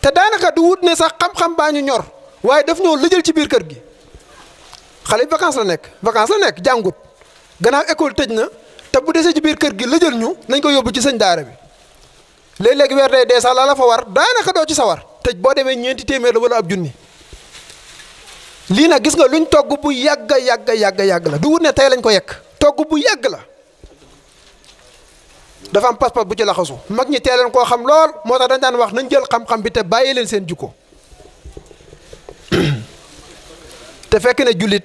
te daanaka du wut ne sax xam-xam baa ñu ñor waaye daf ñoo lëjal ci biir kër gi. xale vacance la nekk vacance la nekk jàngut gannaaw école tëj na te bu desee ci biir kër gi la jël ñu nañ ko yóbbu ci sëñ daara bi léeg-léeg weer day dee sax la la fa war daanaka doo ci sawar tëj boo demee ñeenti téeméer la wala ab junni lii nag gis nga luñ togg bu yàgg yàgg yàgg yàgg la du wut ne tey lañ ko yekk togg bu yàgg la dafa am pas bu ci laxasu mag ñi leen koo xam lool moo tax dañ daan wax nañ jël xam-xam bi te bàyyi leen seen jikko te fekk ne jullit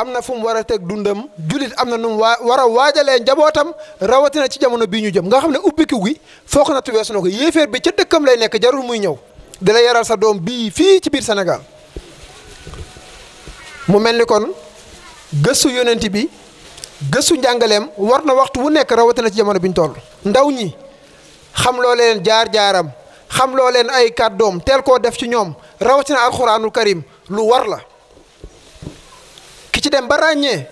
am na fu mu war a teg dundam jullit am na num mu waa war a waajalee njabootam rawatina ci jamono bii ñu jëm nga xam ne ubbiku gi foog na tuweesu na ko yéeféer bi ca dëkkam lay nekk jarul muy ñëw di la yaral sa doom bii fii ci biir senegal mu mel ni kon gëstu yonent bi gëstu njàngaleem war na waxtu wu nekk rawatina ci jamono bi ñu toll ndaw ñi xam loo leen jaar-jaaram xam loo leen ay doom teel koo def ci ñoom rawatina alxuraanul karim lu war la ci dem ba ràññee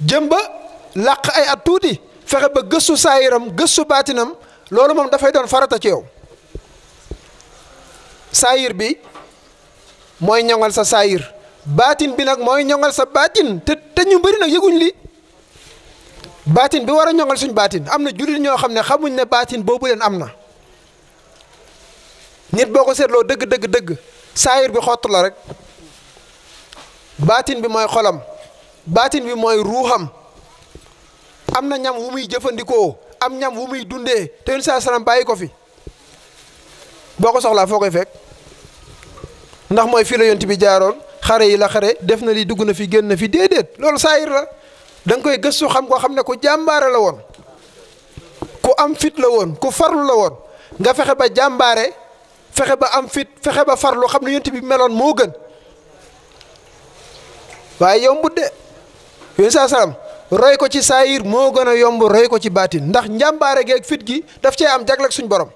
jëmba ba làq ay at tuuti fexe ba gëstu saayiram gëstu baatinam loolu moom dafay doon farata ci yow saayir bi mooy ñoŋal sa saayir baatin bi nag mooy ñoŋal sa baatin te te ñu bëri nag yëguñ li baatin bi war a ñoŋal suñ baatin am na jullit ñoo xam ne xamuñ ne baatin boobu leen am na nit boo ko seetloo dëgg dëgg dëgg saayir bi xott la rek baatin bi mooy xolam baatin bi mooy ruuxam am na ñam wu muy jëfandikoo am ñam wu muy dundee te yónni saa salaam bàyyi ko fi boo ko soxlaa foo koy fekk ndax mooy fii la yonti bi jaaroon xare yi la xare def na li dugg na fi génn na fi déedéet loolu yir la da nga koy gëstu xam ko xam ne ku jàmbaare la woon ku am fit la woon ku farlu la woon nga fexe ba jàmbaare fexe ba am fit fexe ba farlu xam ne yonti bi meloon moo gën waaye yombut de yunus saa roy ko ci sayir moo gën a yomb roy ko ci baatin ndax njàmbaare geeg fit gi daf cee am jaglek suñ borom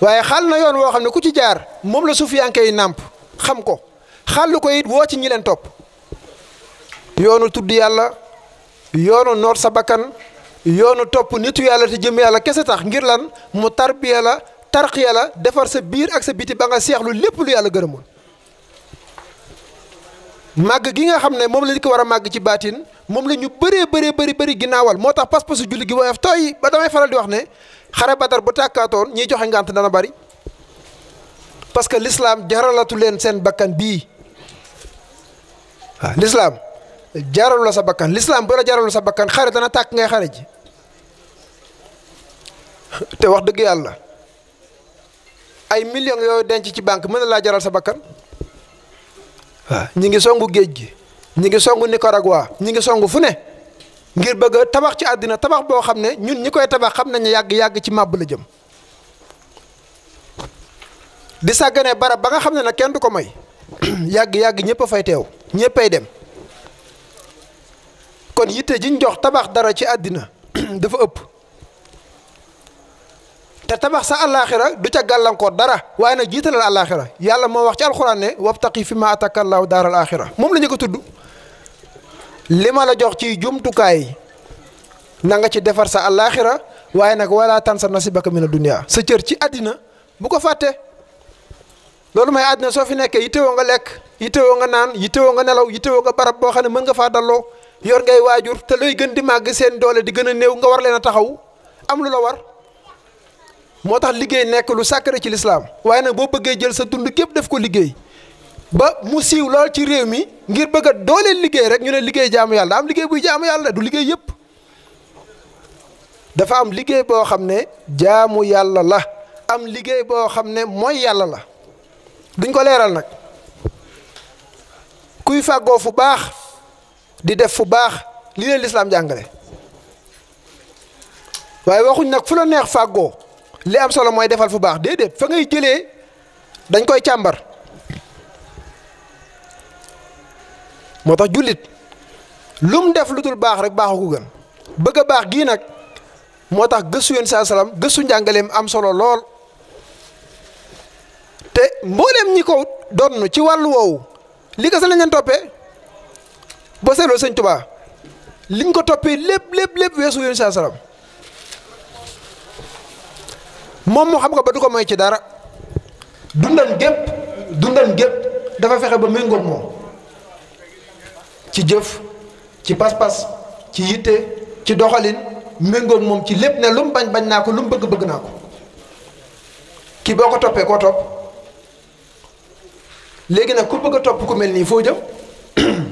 waaye xal na yoon woo xam ne ku ci jaar moom la suufiyanke kay nàmp xam ko xàll ko it woo ci ñi leen topp yoonu tudd yàlla yoonu noor sa bakkan nitu yàlla te jëm yàlla kese tax ngir lan mu tarbiya la tarqiya la defar sa biir ak sa biti ba nga seexlu lépp lu yàlla gërëmul mag gi nga xamne mom lañ ko wara mag ci baatin mom lañu ginaawal motax pass pas julli gi woyof toy ba damay faral di wax ne xara Badar bu takaton ñi joxe ngant dana bari parce que l'islam jaralatu len sen bakkan bi l'islam jaralu la sa bakkan l'islam bu la jaralu sa bakkan xare dana tak ngay xare ji te wax deug yalla ay millions yo denc ci bank mën la jaral sa bakkan waaw ñi ngi songu géej gi ñi ngi songu Nicaragua ñi ngi songu fu ne ngir bëgg a tabax ci àddina tabax boo xam ne ñun ñi koy tabax xam nañu yàgg yàgg ci màbb la jëm di sàggane barab ba nga xam ne nag kenn du ko moy yàgg yàgg ñëpp a fay teew ñëppay dem kon yitte jiñ jox tabax dara ci àddina dafa ëpp. te tabax sa àllaaxira du ca gàllankoor dara waaye nag jiitalal àllaaxira yàlla moo wax ci alxuraan ne wabtaqi fi ma atakallaahu daaral aaxira moom la ñu ko tudd li ma la jox ci jumtukaay na nga ci defar sa àllaaxira waaye nak wala tan sa nasibaka mina dunya sa cër ci àddina bu ko fàtte loolu mooy àddina soo fi nekkee yittewoo nga lekk yittewoo nga naan yittewoo nga nelaw yittewoo nga barab boo xam ne mën nga faa dalloo yor ngay waajur te looy gën di màgg seen doole di gën a néew nga war leen a taxaw am lu la war moo tax liggéey nekk lu sacré ci lislaam waaye nag boo bëggee jël sa dund képp def ko liggéey ba mu siiw lool ci réew mi ngir bëgg a dooleel liggéey rek ñu ne liggéey jaamu yàlla am liggéey buy jaamu yàlla du dafa am liggéey boo xam ne jaamu yàlla la am liggéey boo xam ne mooy yàlla la duñ ko leeral nag kuy fàggoo fu baax di def fu baax li leen lislaam jàngale waaye waxuñ nag fu la neex fàggoo li am solo mooy defal fu baax déedéet fa ngay jëlee dañ koy càmbar moo tax jullit lu mu def lu dul baax rek baaxu ko gën bëgg a baax gii nag moo tax gëstu yoon saa salaam gëstu njàngaleem am solo lool te mboolem ñi ko donn ci wàll woowu li ko sa lañeen leen toppee boo seetloo sëñ Tuubaa liñ ko toppee lépp lépp lépp weesu yoon saa salaam moom mu xam nga ba du ko moy ci dara dundam gépp dundam gépp dafa fexe ba méngoog moom ci jëf ci pas ci yitte ci doxalin méngoog moom ci lépp ne lu mu bañ bañ naa ko lu mu bëgg bëgg naa ko kii boo ko toppee koo topp léegi nag ku bëgg a topp ku mel nii foo jëm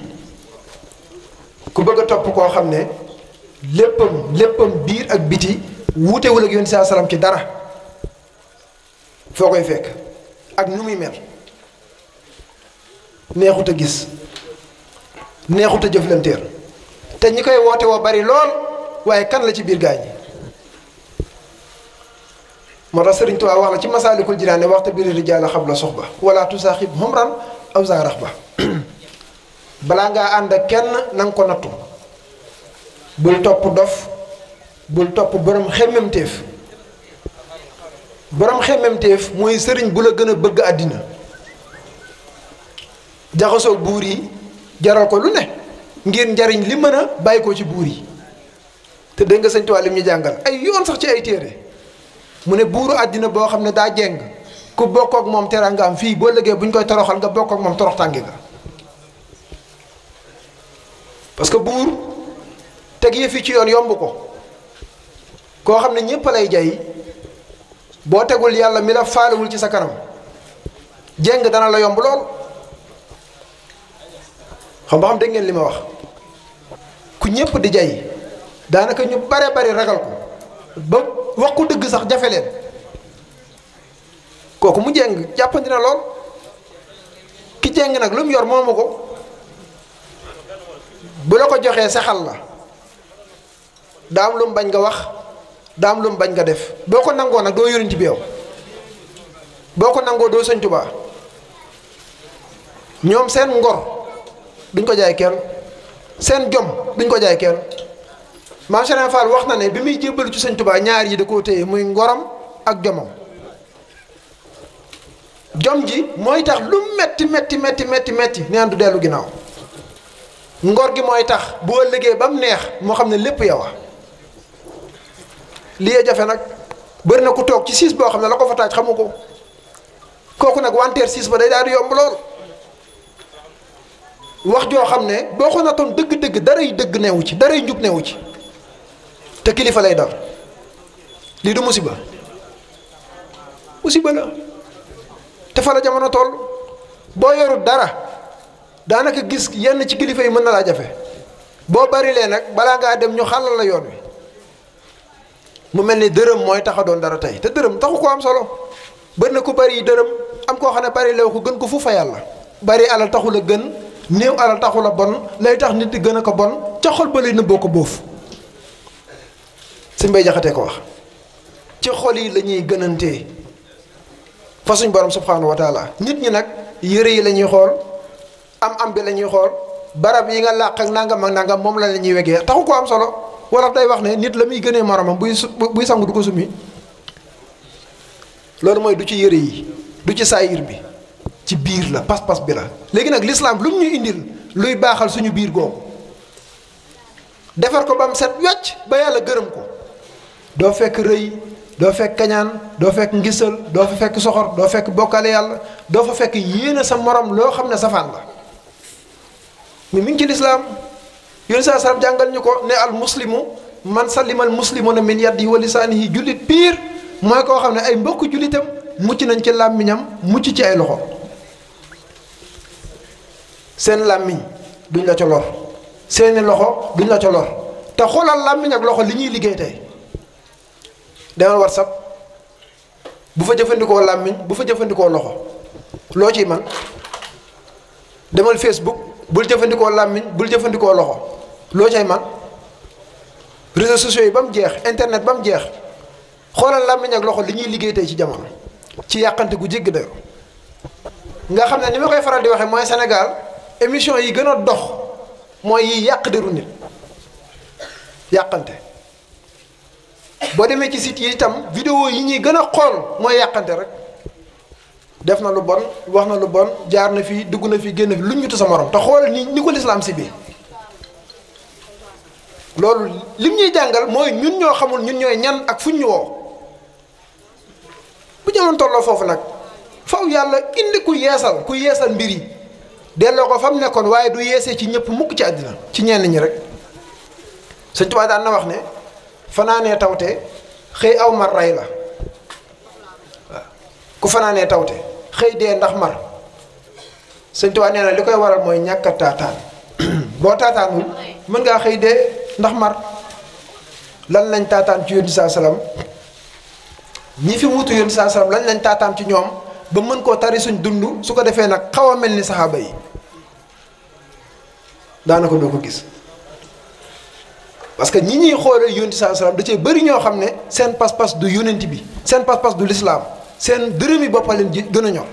ku bëgg topp koo xam ne léppam léppam biir ak biti wuutewul ak yoon saa ci dara foo koy fekk ak nu muy mel neexut a gis neexut a jëflanteer te ñi koy woote woo bari lool waaye kan la ci biir gaañ yi moo tax Sëriñ Tuubaa wax la ci masaalikul jinaan ne waxta biir rijaala xam la soxba wala tusaaxib humran aw zaarax ba balaa ngaa ànd ak kenn na nga ko nattu bul topp dof bul topp borom xemmemteef borom xemmemteef mooy sëriñ bu la gën a bëgg àddina jaxasoo buur yi jaral ko lu ne ngir njariñ li mën a bàyyi ko ci buur yi te dégg nga sëñ Tuubaa lim ñu jàngal ay yoon sax ci ay téere mu ne buuru àddina boo xam ne daa jeng ku bokk ak moom teraanga am fii boo lëggee bu ñu koy toroxal nga bokk ak moom torox tàngi nga parce que buur teg yëf yi ci yoon yomb ko koo xam ne ñëpp lay jay boo tegul yàlla mi la faalewul ci sa kanam jéng dana la yomb lool xam ba xam dégg li ma wax ku ñépp di jay daanaka ñu bare bari ragal ko ba wax ko dëgg sax jafe leen kooku mu jéng jàppandi na lool ki jéng nag lu mu yor moomu ko bu la ko joxee saxal la daa am lu mu bañ nga wax daa lu mu bañ nga def boo ko nangoo nag doo yonent bi yow boo ko nangoo doo sëñ Tuubaa ñoom seen ngor duñ ko jaay kenn seen jom duñ ko jaay kenn maam Serigne wax na ne bi muy jébbalu ci sëñ Tuubaa ñaar yi da koo téye muy ngoram ak jomam jom ji mooy tax lu metti metti metti metti neen du dellu ginnaaw ngor gi mooy tax boo liggéey ba mu neex moo xam ne lépp yow liy jafe nag bëri na ku toog ci siis boo xam ne la ko fa taaj xamu ko kooku nag wanteer siis ba day daal di yomb lool wax joo xam ne boo ko natoon dëgg-dëgg daray dëgg newu ci daray njub newu ci te kilifa lay dal lii du musiba musiba la te fa la jamono toll boo yorul dara daanaka gis yenn ci kilifa yi mën na laa jafe boo bari lee nag balaa ngaa dem ñu xàllal la yoon wi mu mel ni dërëm mooy tax doon dara tey te dërëm taxu ko am solo bëri na ku bari dërëm am koo xam ne bari lew ko gën ko fu fa yàlla bari alal taxu la gën néew alal taxu la bon lay tax nit di gën a ko bon ca xol ba lay nëbboo ko bóof suñ bay ko wax ci xol yi la ñuy gënantee fa suñ borom subxanahu wa taala nit ñi nag yëre yi la ñuy xool am am bi la ñuy xool barab yi nga làq ak nangam ak nangam moom la la ñuy wegee taxu ko am solo. wolof day wax ne nit la muy gënee moromam buy su buy sangu du ko summi loolu mooy du ci yére yi du ci saayir bi ci biir la pas-pas bi la léegi nag lislaam lu mu ñu indil luy baaxal suñu biir googu defar ko ba mu set wecc ba yàlla gërëm ko doo fekk rëy doo fekk kañaan doo fekk ngisal doo fa fekk soxor doo fekk bokkale yàlla doo fa fekk yéene sa morom loo xam ne safaan la mais mi ci lislaam yónni saa salaam jàngal ñu ko ne al muslimu man salimal muslimuna min yadihi wa lisaanihi jullit pire mooy koo xam ne ay mbokk jullitam mucc nañ ci làmmiñam mucc ci ay loxo seen làmmiñ duñ la ca seeni loxo duñ la ca te xoolal làmmiñ ak loxo li ñuy liggéey tey demal whatsapp bu fa jëfandikoo làmmiñ bu fa jëfandikoo loxo loo ci man demal facebook bul jëfandikoo làmmiñ bul jëfandikoo loxo loo cay man réseaux sociaux yi ba mu jeex internet ba mu jeex xoolal làmmiñ ak loxo li ñuy liggéey tey ci jamono ci yàqante gu jégg dayo nga xam ne ni ma koy faral di waxee mooy Sénégal émission yi gën a dox mooy yi yàq deru nit yàqante boo demee ci site yi itam vidéo yi ñuy gën a xool mooy yàqante rek def na lu bon wax na lu bon jaar na fi dugg na fi génn lu ñu tu sa morom te xoolal ni ni ko lislaam si bi loolu lim ñuy jàngal mooy ñun ñoo xamul ñun ñooy ñan ak fuñ ñu woo bu jamono tolloo foofu nag faw yàlla indi ku yeesal ku yeesal mbir yi delloo ko fa mu nekkoon waaye du yeesee ci ñëpp mukk ci àddina ci ñenn ñi rek Sëñ Tuubaa daan na wax ne fanaanee tawte xëy aw mar rey la ku fanaanee tawte xëy dee ndax mar Sëñ Tuubaa nee na li koy waral mooy ñàkk taataan boo taataanul mën ngaa xëy dee. ndax mar lan lañ taataan ci yónni saa salaam ñi fi wutu yoon saa salaam lan lañ taataan ci ñoom ba mën koo tari suñ dund su ko defee nag xaw a mel ni saxaaba yi daanaka doo ko gis parce que ñi ñuy xoolee yónni saa salaam da cee bëri ñoo xam ne seen pas-pas du yónent bi seen pas-pas du lislaam seen dërëmi boppaleen ji gën a ñor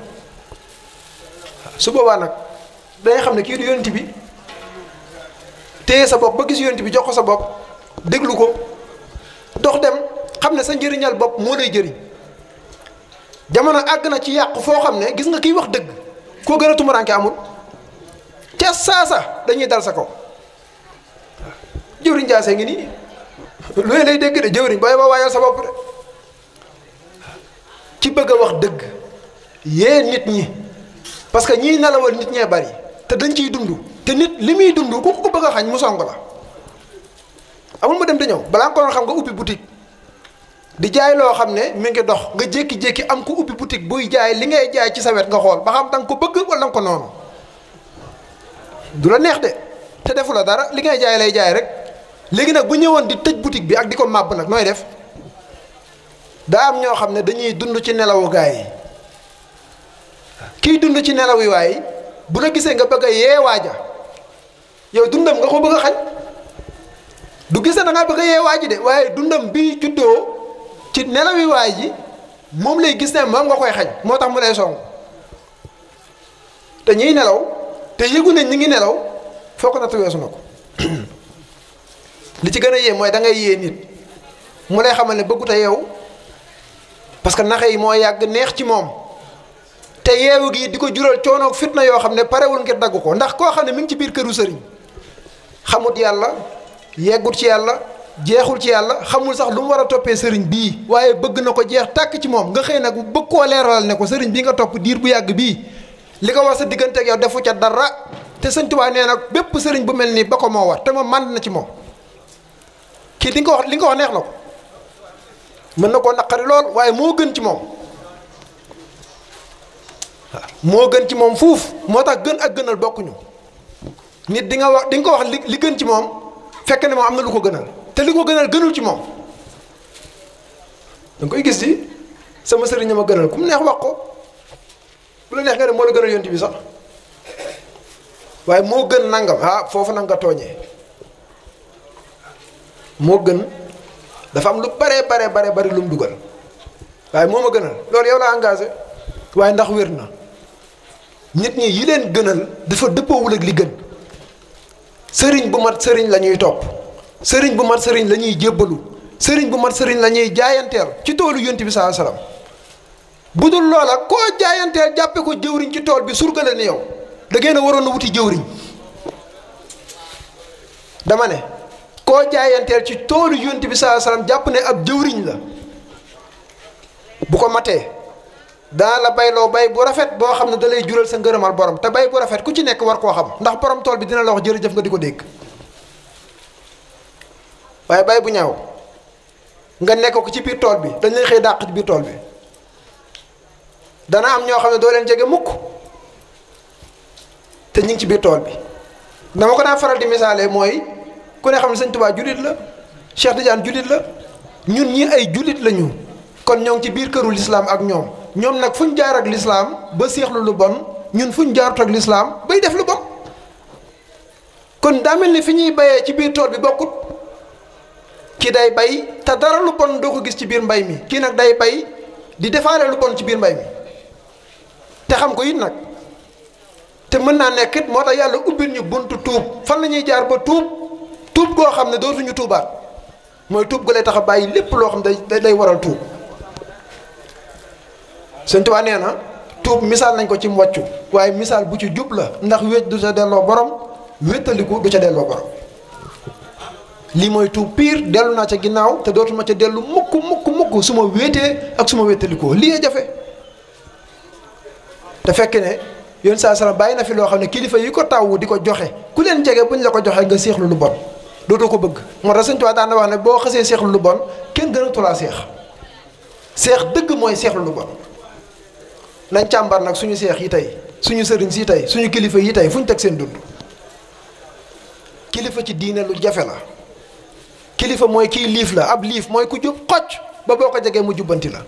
su boobaa nag day xam ne kii du yónent bi. téye sa bopp ba gis yonent bi jox ko sa bopp déglu ko dox dem xam ne sa njëriñal bopp moo lay jëriñ jamono àgg na ci yàqu foo xam ne gis nga kiy wax dëgg koo gën a tumuraanke amul ca saasa dañuy dal sa ko jëwriñ jaasee ngi nii looy lay dégg de jëwriñ booy ba waayal sa bopp de ci bëgg a wax dëgg yee nit ñi parce que ñiy nalawal nit ñee bari te dañ ciy dundu te nit li muy dund ku ko bëgg xañ mu song la amul ma dem te ñëw balaa nga ko doon xam nga ubbi boutique di jaay loo xam ne mi ngi dox nga jékki-jékki am ko ubbi boutique buy jaay li ngay jaay ci sa wet nga xool ba xam da ko bëgg wala nga ko noonu du la neex de te defu la dara li ngay jaay lay jaay rek léegi nag bu ñëwoon di tëj boutique bi ak di ko màbb nag nooy def daa am ñoo xam ne dañuy dund ci nelawu gaay yi kiy dund ci nelaw yi bu la gisee nga bëgg a yeewaaja yow dundam nga ko bëgg a xañ du gis ne da ngaa yee waa ji de waaye dundam bi juddoo ci nelawi waay ji moom lay gis ne moom nga koy xañ moo tax mu lay song te ñiy nelaw te yëgu ne ñi ngi nelaw foo ko natt na ko li ci gën a yee mooy dangay ngay yee nit mu lay xamal ne bëggut a yeewu parce que naxe yi moo yàgg neex ci moom te yeewu gi di ko jural coonoog fitna yoo xam ne parewul ngir dagg ko ndax koo xam ne mu ngi ci biir këru sëriñ xamut yàlla yeggut ci yàlla jeexul ci yàlla xamul sax lu mu war a toppee sëriñ bii waaye bëgg na ko jeex tàkk ci moom nga xëy nag bëgg koo leeralal ne ko sëriñ bii nga topp diir bu yàgg bii li ko war sa digganteeg yow defu ca dara te sëñ Tuubaa nee na bépp sëriñ bu mel nii ba ko moo war te moom mànd na ci moom kii li nga ko wax li nga ko wax neex na ko mën na koo naqari lool waaye moo gën ci moom moo gën ci moom fuuf moo tax gën ak gënal bokkuñu. nit di nga wax di ko wax li li gën ci moom fekk ne moom am na lu ko gënal te li ko gënal gënul ci moom da koy gis ci sama sëriñ ma gënal ku mu neex wax ko bu la neex nga ne moo la gënal yonti bi sax waaye moo gën nangam ah foofu nag nga tooñee moo gën dafa am lu bare bare bare bari lu mu dugal waaye moo ma gënal loolu yow la engagé waaye ndax wér na nit ñi yi leen gënal dafa dëppoowul ak li gën sëriñ bu mat sëriñ la ñuy topp sëriñ bu mat sëriñ la ñuy jébbalu sëriñ bu mat sëriñ la ñuy jaayanteel ci toolu yonent bi saa salaam bu dul loola koo jaayanteel jàppe ko jëwriñ ci tool bi surgale ni yow da ngeen waroon a wuti jëwriñ dama ne koo jaayanteel ci toolu yonent bi saa jàpp ne ab jëwriñ la bu ko matee. daa la bayloo bay bu rafet boo xam ne dalay lay jural sa ngërëmal borom te bay bu rafet ku ci nekk war koo xam ndax borom tool bi dina la wax jërëjëf nga di ko dégg waaye bay bu ñaaw nga nekk ko ci biir tool bi dañ xëy dàq ci tool bi dana am ñoo xam ne doo leen jege mukk te ñu ngi ci biir tool bi dama ko daan faral di misaale mooy ku ne xam ne sëñ Tuubaa jullit la Cheikh Tidiane jullit la ñun ñi ay jullit lañu kon ñoo ci biir këru lislaam ak ñoom. ñoom nag fu ñu jaar ak lislaam ba seexlu lu bon ñun fu ñu jaarut ak lislaam bay def lu bon kon daa mel ni fi ñuy bayee ci biir tool bi bokkut kii day bay te dara lu bon doo ko gis ci biir mbay mi kii nag day bay di defaale lu bon ci biir mbay mi te xam ko it nag te mën naa nekkit moo tax yàlla ubbil ñu buntu tuub fan la ñuy jaar ba tuub tuub goo xam ne dootuñu tuubaat mooy tuub gu lay tax a bàyyi lépp loo xam ne day day waral tuub. sëñ Tuubaa nee na tuub misaal nañ ko ci wàccu waaye misaal bu ci jub la ndax wéet du ca delloo borom wéttaliku du ca delloo borom lii mooy tuub piir dellu naa ca ginnaaw te dootuma ca dellu mukk mukk mukk su ma wéetee ak su ma wéttalikoo lii jafe te fekk ne yoon saa salaam bàyyi na fi loo xam ne kilifa yi ko taw di ko joxe ku leen jege bu ñu la ko joxe nga seexlu lu bon dootoo ko bëgg moo tax sëñ Tuubaa wax ne boo xasee seexlu lu bon kenn gën tulaa seex seex dëgg mooy seexlu lu bon nañ càmbar nak suñu seex yi tey suñu sëriñ si tey suñu kilifa yi tey fu ñu teg seen dund kilifa ci diine lu jafe la kilifa mooy kii liif la ab liif mooy ku jub xocc ba boo ko jegee mu jubbanti la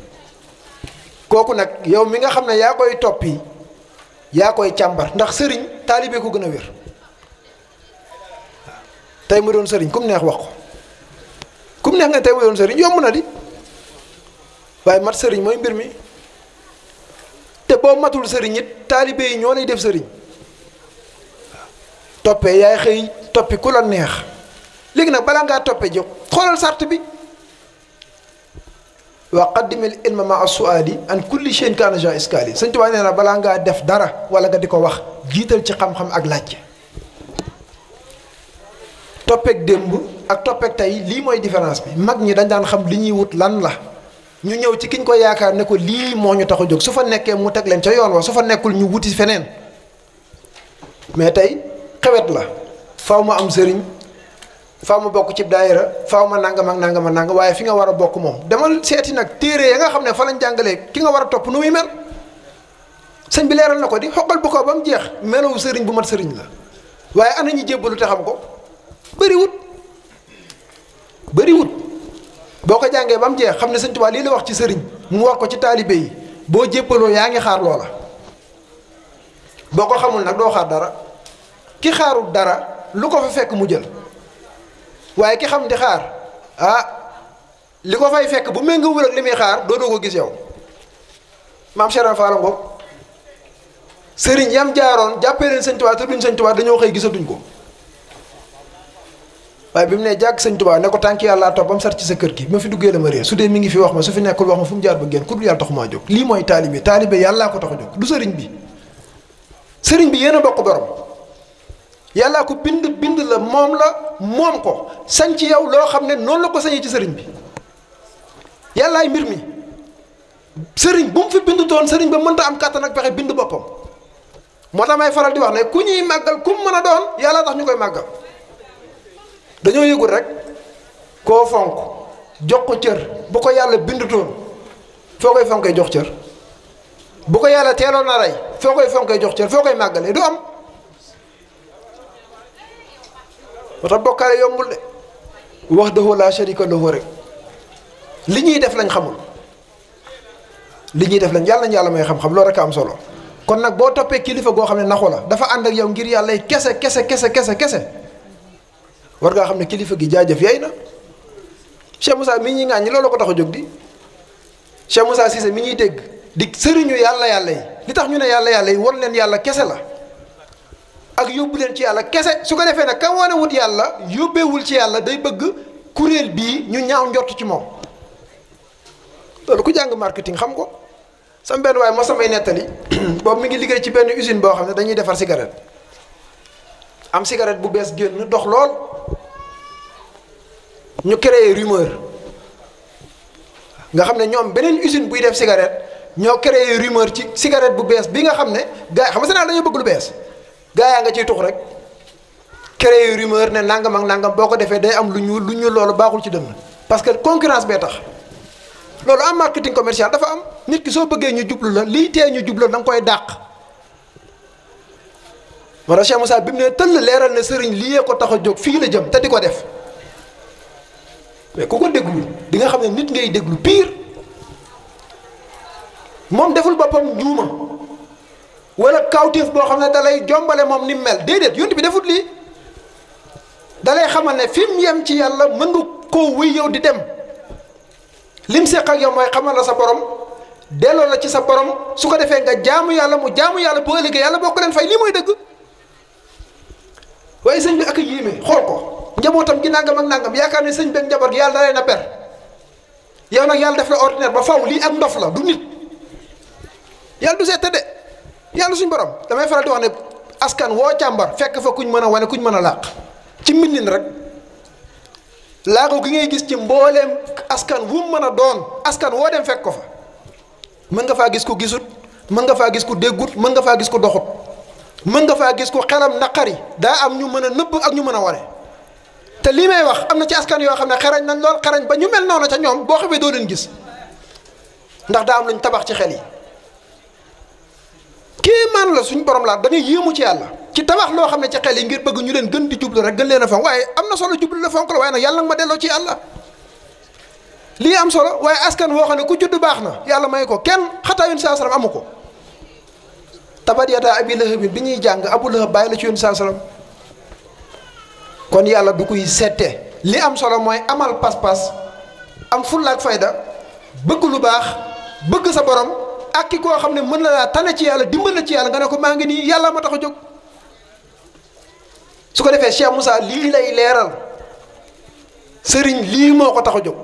kooku nag yow mi nga xam ne yaa koy toppi yaa koy càmbar ndax sëriñ taalibe ko gën a mu doon kum neex wax kum neex nga tey mu doon sëriñ yomb di waaye mat sëriñ mooy mbir mi te boo matul sëriñ it taalibe yi ñoo lay def sëriñ toppee yaay xëy toppi ku la neex léegi nag balaa ngaa toppee jóg xoolal sart bi wa qaddimil ilma ma suali an kulli shay'in kaana ja iskaali nee na balaa ngaa def dara wala nga di ko wax jiital ci xam-xam ak laajte toppeek démb ak toppeek tey lii mooy différence bi mag ñi dañ daan xam li ñuy wut lan la ñu ñëw ci kiñ ko yaakaar ne ko lii moo ñu tax a jóg su fa nekkee mu teg leen ca yoon wa su fa nekkul ñu wuti feneen mais tey xewet la faaw ma am sëriñ faaw ma bokk ci daayira faaw ma nangam ak nangam ak nangam waaye fi nga war a bokk moom demal seeti nag téere ya nga xam ne fa lañ jàngalee ki nga war a topp nu muy mel sëñ bi leeral na ko di xoqal bu ko ba mu jeex melawu sëriñ bu mat sëriñ la waaye ana ñu jébbalu te xam ko bëriwut bëriwut. boo ko jàngee ba mu jeex xam ne sëñ Tuubaa lii la wax ci sëriñ mu wax ko ci taalibe yi boo jéppaloo yaa ngi xaar loola boo ko xamul nag doo xaar dara ki xaarul dara lu ko fa fekk mu jël waaye ki xam di xaar ah li ko fay fekk bu méngoowul ak li muy xaar doo doo ko gis yow maam Cheikh Fall Ngom sëriñ yam jaaroon jàppee leen sëñ Tuubaa te duñ sëñ Tuubaa dañoo xëy gisatuñ ko. waaye bi mu nee jàkk sëñ Tuubaa ne ko tànk yàlla laa topp ba mu sar ci sa kër gi bi ma fi duggee la ma réer su dee mi ngi fi wax ma su fi nekkul wax ma fu mu jaar ba génn ku dul yàlla taxu maa jóg lii mooy taalibe taalibe yàllaa ko bi sëriñ bi yéen a bokk borom yàllaa ko bind bind la moom la moom ko sañ ci yow loo xam ne noonu la ko ci sëriñ bi yàllaay mbir mi sëriñ bu mu fi bind toon sëriñ ba mënta am kàttan ak pexe bind boppam moo tax may faral di wax ne ku ñuy màggal ku mu mën a doon yàlla tax ñu koy màggal dañoo yëgul rek koo fonk jox ko cër bu ko yàlla bindutoon foo koy fonkee jox cër bu ko yàlla teeloon na rey foo koy fonkee jox cër foo koy màggalee du am moo tax bokkaale yombul de wahdahu laa sharika lahu rek li ñuy def lañ xamul li ñuy def lañ yàlla nañ yàlla may xam-xam loolu rek am solo kon nag boo toppee kilifa goo xam ne naxu la dafa ànd ak yow ngir yàlla kese kese kese kese kese war ngaa xam ne kilifa gi jaajëf yaay na Cheikh Moussa mi ñuy ŋàññi loolu ko tax a jóg di Cheikh Moussa Cissé mi ñuy dégg di sëriñu yàlla yàlla yi li tax ñu ne yàlla yàlla yi wan leen yàlla kese la ak yóbbu leen ci yàlla kese su ko defee nag ka wane wut yàlla yóbbeewul ci yàlla day bëgg kuréel bii ñu ñaaw njort ci moom loolu ku jàng marketing xam ko sam benn waaye moo samay nettali boobu mi ngi liggéey ci benn usine boo xam ne dañuy defar cigarette am cigarette bu bees génn dox lool ñu créé rumeur nga xam ne ñoom beneen usine buy def cigarette ñoo créé rumeur ci cigarette bu bees bi nga xam ne gaa yi xam nga Sénégal dañoo bëgg lu bees gars yaa nga ciy tux rek créé rumeur ne nangam ak nangam boo ko defee day am lu ñuul lu ñuul loolu baaxul ci dem parce que concurrence bee tax loolu am marketing commercial dafa am nit ki soo bëggee ñu jublu la lii tee ñu jublu la da nga koy dàq. moo tax Cheikh Moussa bi mu ne tëll leeral na sëriñ lii ko tax a jóg fii la jëm te di ko def ku ko déglu di nga xam ne nit ngay déglu pire moom deful boppam juuma wala kawtéef boo xam ne dalay jombale moom ni mel déedéet yont bi defut lii da lay xamal ne fi mu yem ci yàlla mën nga koo wéy yow di dem lim seq ak yow mooy xamal la sa borom delloo la ci sa borom su ko defee nga jaamu yàlla mu jaamu yàlla bu ëllëgee yàlla boo ko leen fay lii mooy dëgg. waaye sëñ bi ak a yéeme xool ko njabootam gi nangam ak nàngam yaakaar ne sëñ benn njaboot yàlla da na a yow nag yàlla def la ordinaire ba faw lii ak ndox la du nit yàlla du seet de yàlla suñ borom damay faral di wax ne askan woo càmbar fekk fa kuñ mën a wane kuñ mën a làq ci mbindin rek laago gi ngay gis ci mbooleem askan wu mën a doon askan woo dem fekk ko fa mën nga faa gis ko gisut mën nga faa gis ku déggut mën nga faa gis ko doxut. mën nga faa gis ku xelam naqari daa am ñu mën a nëbb ak ñu mën a wane te lii may wax am na ci askan yoo xam ne xarañ nañ lool xarañ ba ñu mel noonu ca ñoom boo xamee doo leen gis ndax daa am luñ tabax ci xel yi kii man la suñ borom laa dañuy yéemu ci yàlla ci tabax loo xam ne ci xel yi ngir bëgg ñu leen gën di jublu rek gën leen a fonk waaye am na solo jublu la fonk la waaye nag yàlla nga ma delloo ci yàlla lii am solo waaye askan woo xam ne ku judd baax na yàlla may ko kenn xataa yun amu ko tabat yadaa abi lahabin bi ñuy jàng abu lahab bàyyi la ci yoon saa salaam kon yàlla bu koy seete li am solo mooy amal pas-pas am fulla ak fayda bëgg lu baax bëgg sa borom ak ki koo xam ne mën na laa tane ci yàlla dimbal la ci yàlla nga ne ko maa ngi nii yàlla ma tax a jóg su ko defee Cheikh Moussa lii lay leeral sëriñ lii moo ko tax a jóg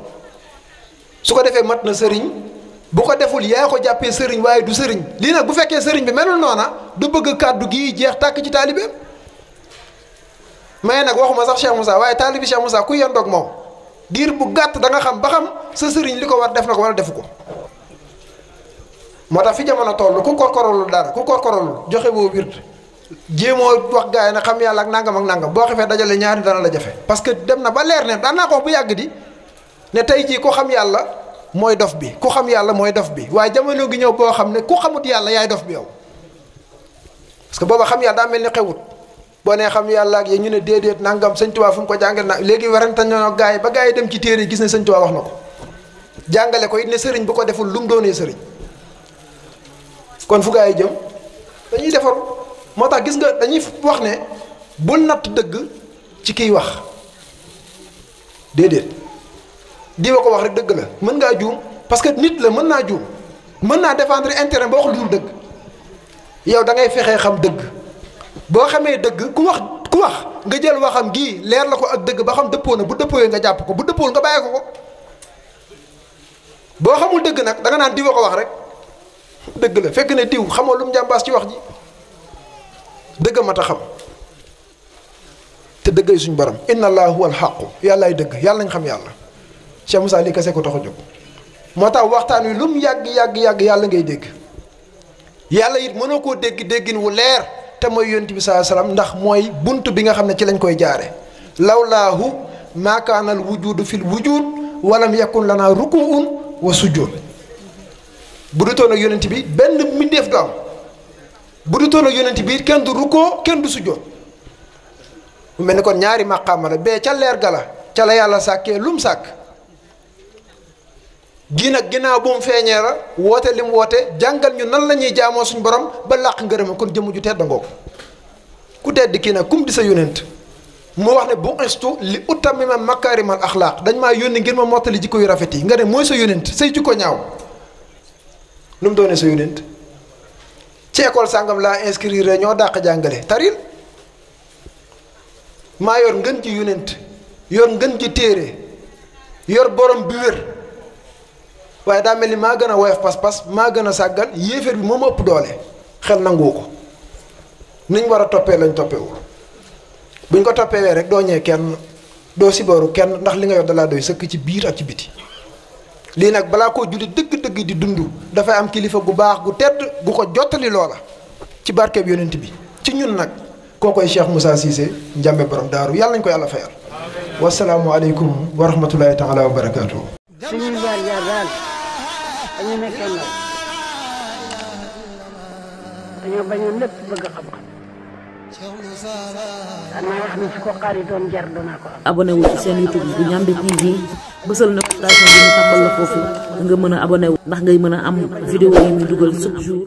su ko defee mat na sëriñ bu ko deful yaa ko jàppee sëriñ waaye du sëriñ lii nag bu fekkee sëriñ bi na noona du bëgg kàddu gi jeex tàkk ci taalibeem may nag waxuma sax Cheikh musaa waaye taalibi Cheikh Moussa ku yendoog moom diir bu gàtt da nga xam ba xam sa sëriñ li ko war def na ko wala defu ko moo tax fi jamono toll ku korkorolul dara ku korkorolul joxe woo wird jéemoo wax gars yi ne xam yàlla ak nangam ak nangam boo xefee dajale ñaari dana la jafe parce que dem na ba leer ne daan naa bu yàgg di ne tey jii ko xam yàlla. mooy dof bi ku xam yàlla mooy dof bi waaye jamono gi ñëw boo xam ne ku xamut yàlla yaay dof bi yow parce que booba xam yàlla daa mel ni xewut boo nee xam yàlla ak yéen ñu ne déedéet nangam sëñ Tuubaa fu mu ko jàngal na léegi werante na gaa yi ba gaa yi dem ci téere yi gis ne sëñ wax na ko jàngale ko it ne sëriñ bu ko deful lu mu doonee sëriñ kon fu gaa jëm dañuy defar moo tax gis nga dañuy wax ne bul natt dëgg ci kiy wax déedéet. wax ko wax rek deug la man nga djum parce que nit la man na djum man na défendre intérêt bo wax lu dul yow da ngay fexé xam deug bo xamé deug ku wax ku wax nga jël waxam gi leer la ko ak deug ba xam depo na bu depo nga japp ko bu depo nga bàyyi ko bo xamul deug nak da nga naan diwa ko wax rek deug la fekk ne diw xamoo lum mu ci wax ji deug ma ta xam te suñu borom inna allah yalla ay deug yalla ñu xam yalla Cheikh Moussa lii ko tax a jóg moo tax waxtaan wi lu mu yàgg yàgg yàgg yàlla ngay dégg yàlla yit mënoo koo dégg déggin wu leer te mooy yonent bi saa salaam ndax mooy bunt bi nga xam ne ci lañ koy jaare lawlaahu maakaanal wujudu fil wujud walam yakun lanaa rukuun wa sujud bu dutoon ak yonent bi benn mbindeef du am bu du ak yonent bi kenn du rukkoo kenn du sujud mu mel ni kon ñaari maqaama la bee ca leer gala ca la yàlla sàkkee lum sàkk gii nag ginnaaw bu mu feeñee la woote li mu woote jàngal ñu nan la ñuy jaamoo suñu borom ba làq ngërëma kon jëmm ju tedd ngoog ku tedd kii nag kum di sa yónent mu wax ne bu istu li utammima makaarimal axlaaq dañ maa yónni ngir ma mottali jikko yu rafet yi nga ne mooy sa yónent say jikko ñaaw lu mu doonee sa yónent ci école sàngam laa inscrire ñoo dàq jàngale tarin maa yor ngën ci yónent yor ngën ci téere yor borom bi wér waaye daa mel ni maa gën a woyof pas-pas maa gën a sàggan yéeféer bi moom ëpp doole xel nanguwu ko niñ war a toppee lañ toppewul buñ ko toppewee rek doo ñee kenn doo sibooru kenn ndax li nga yor dalaa doy sëkk ci biir ak ci biti lii nag balaa koo julli dëgg-dëgg di dund dafay am kilifa gu baax gu tedd gu ko jottali loola ci barkeb yonent bi ci ñun nag koo koy Cheikh Moussa Cissé Njambe borom daaru yàlla nañu ko yàlla fayal wasalaamualeykum wa rahmatulahi taala wa barakaatu. suñuy ñeme kenn dañoo bañoon lépp bëgg xam-xam danaa wax su ko xaritoon jar danaa ko am. abonné wu ci seen YouTube bu Ndiamé TV bësal na station bi ñu tàmbal la foofu nga mën a abonné ndax ngay mën a am vidéo yi ñu dugal chaque jour.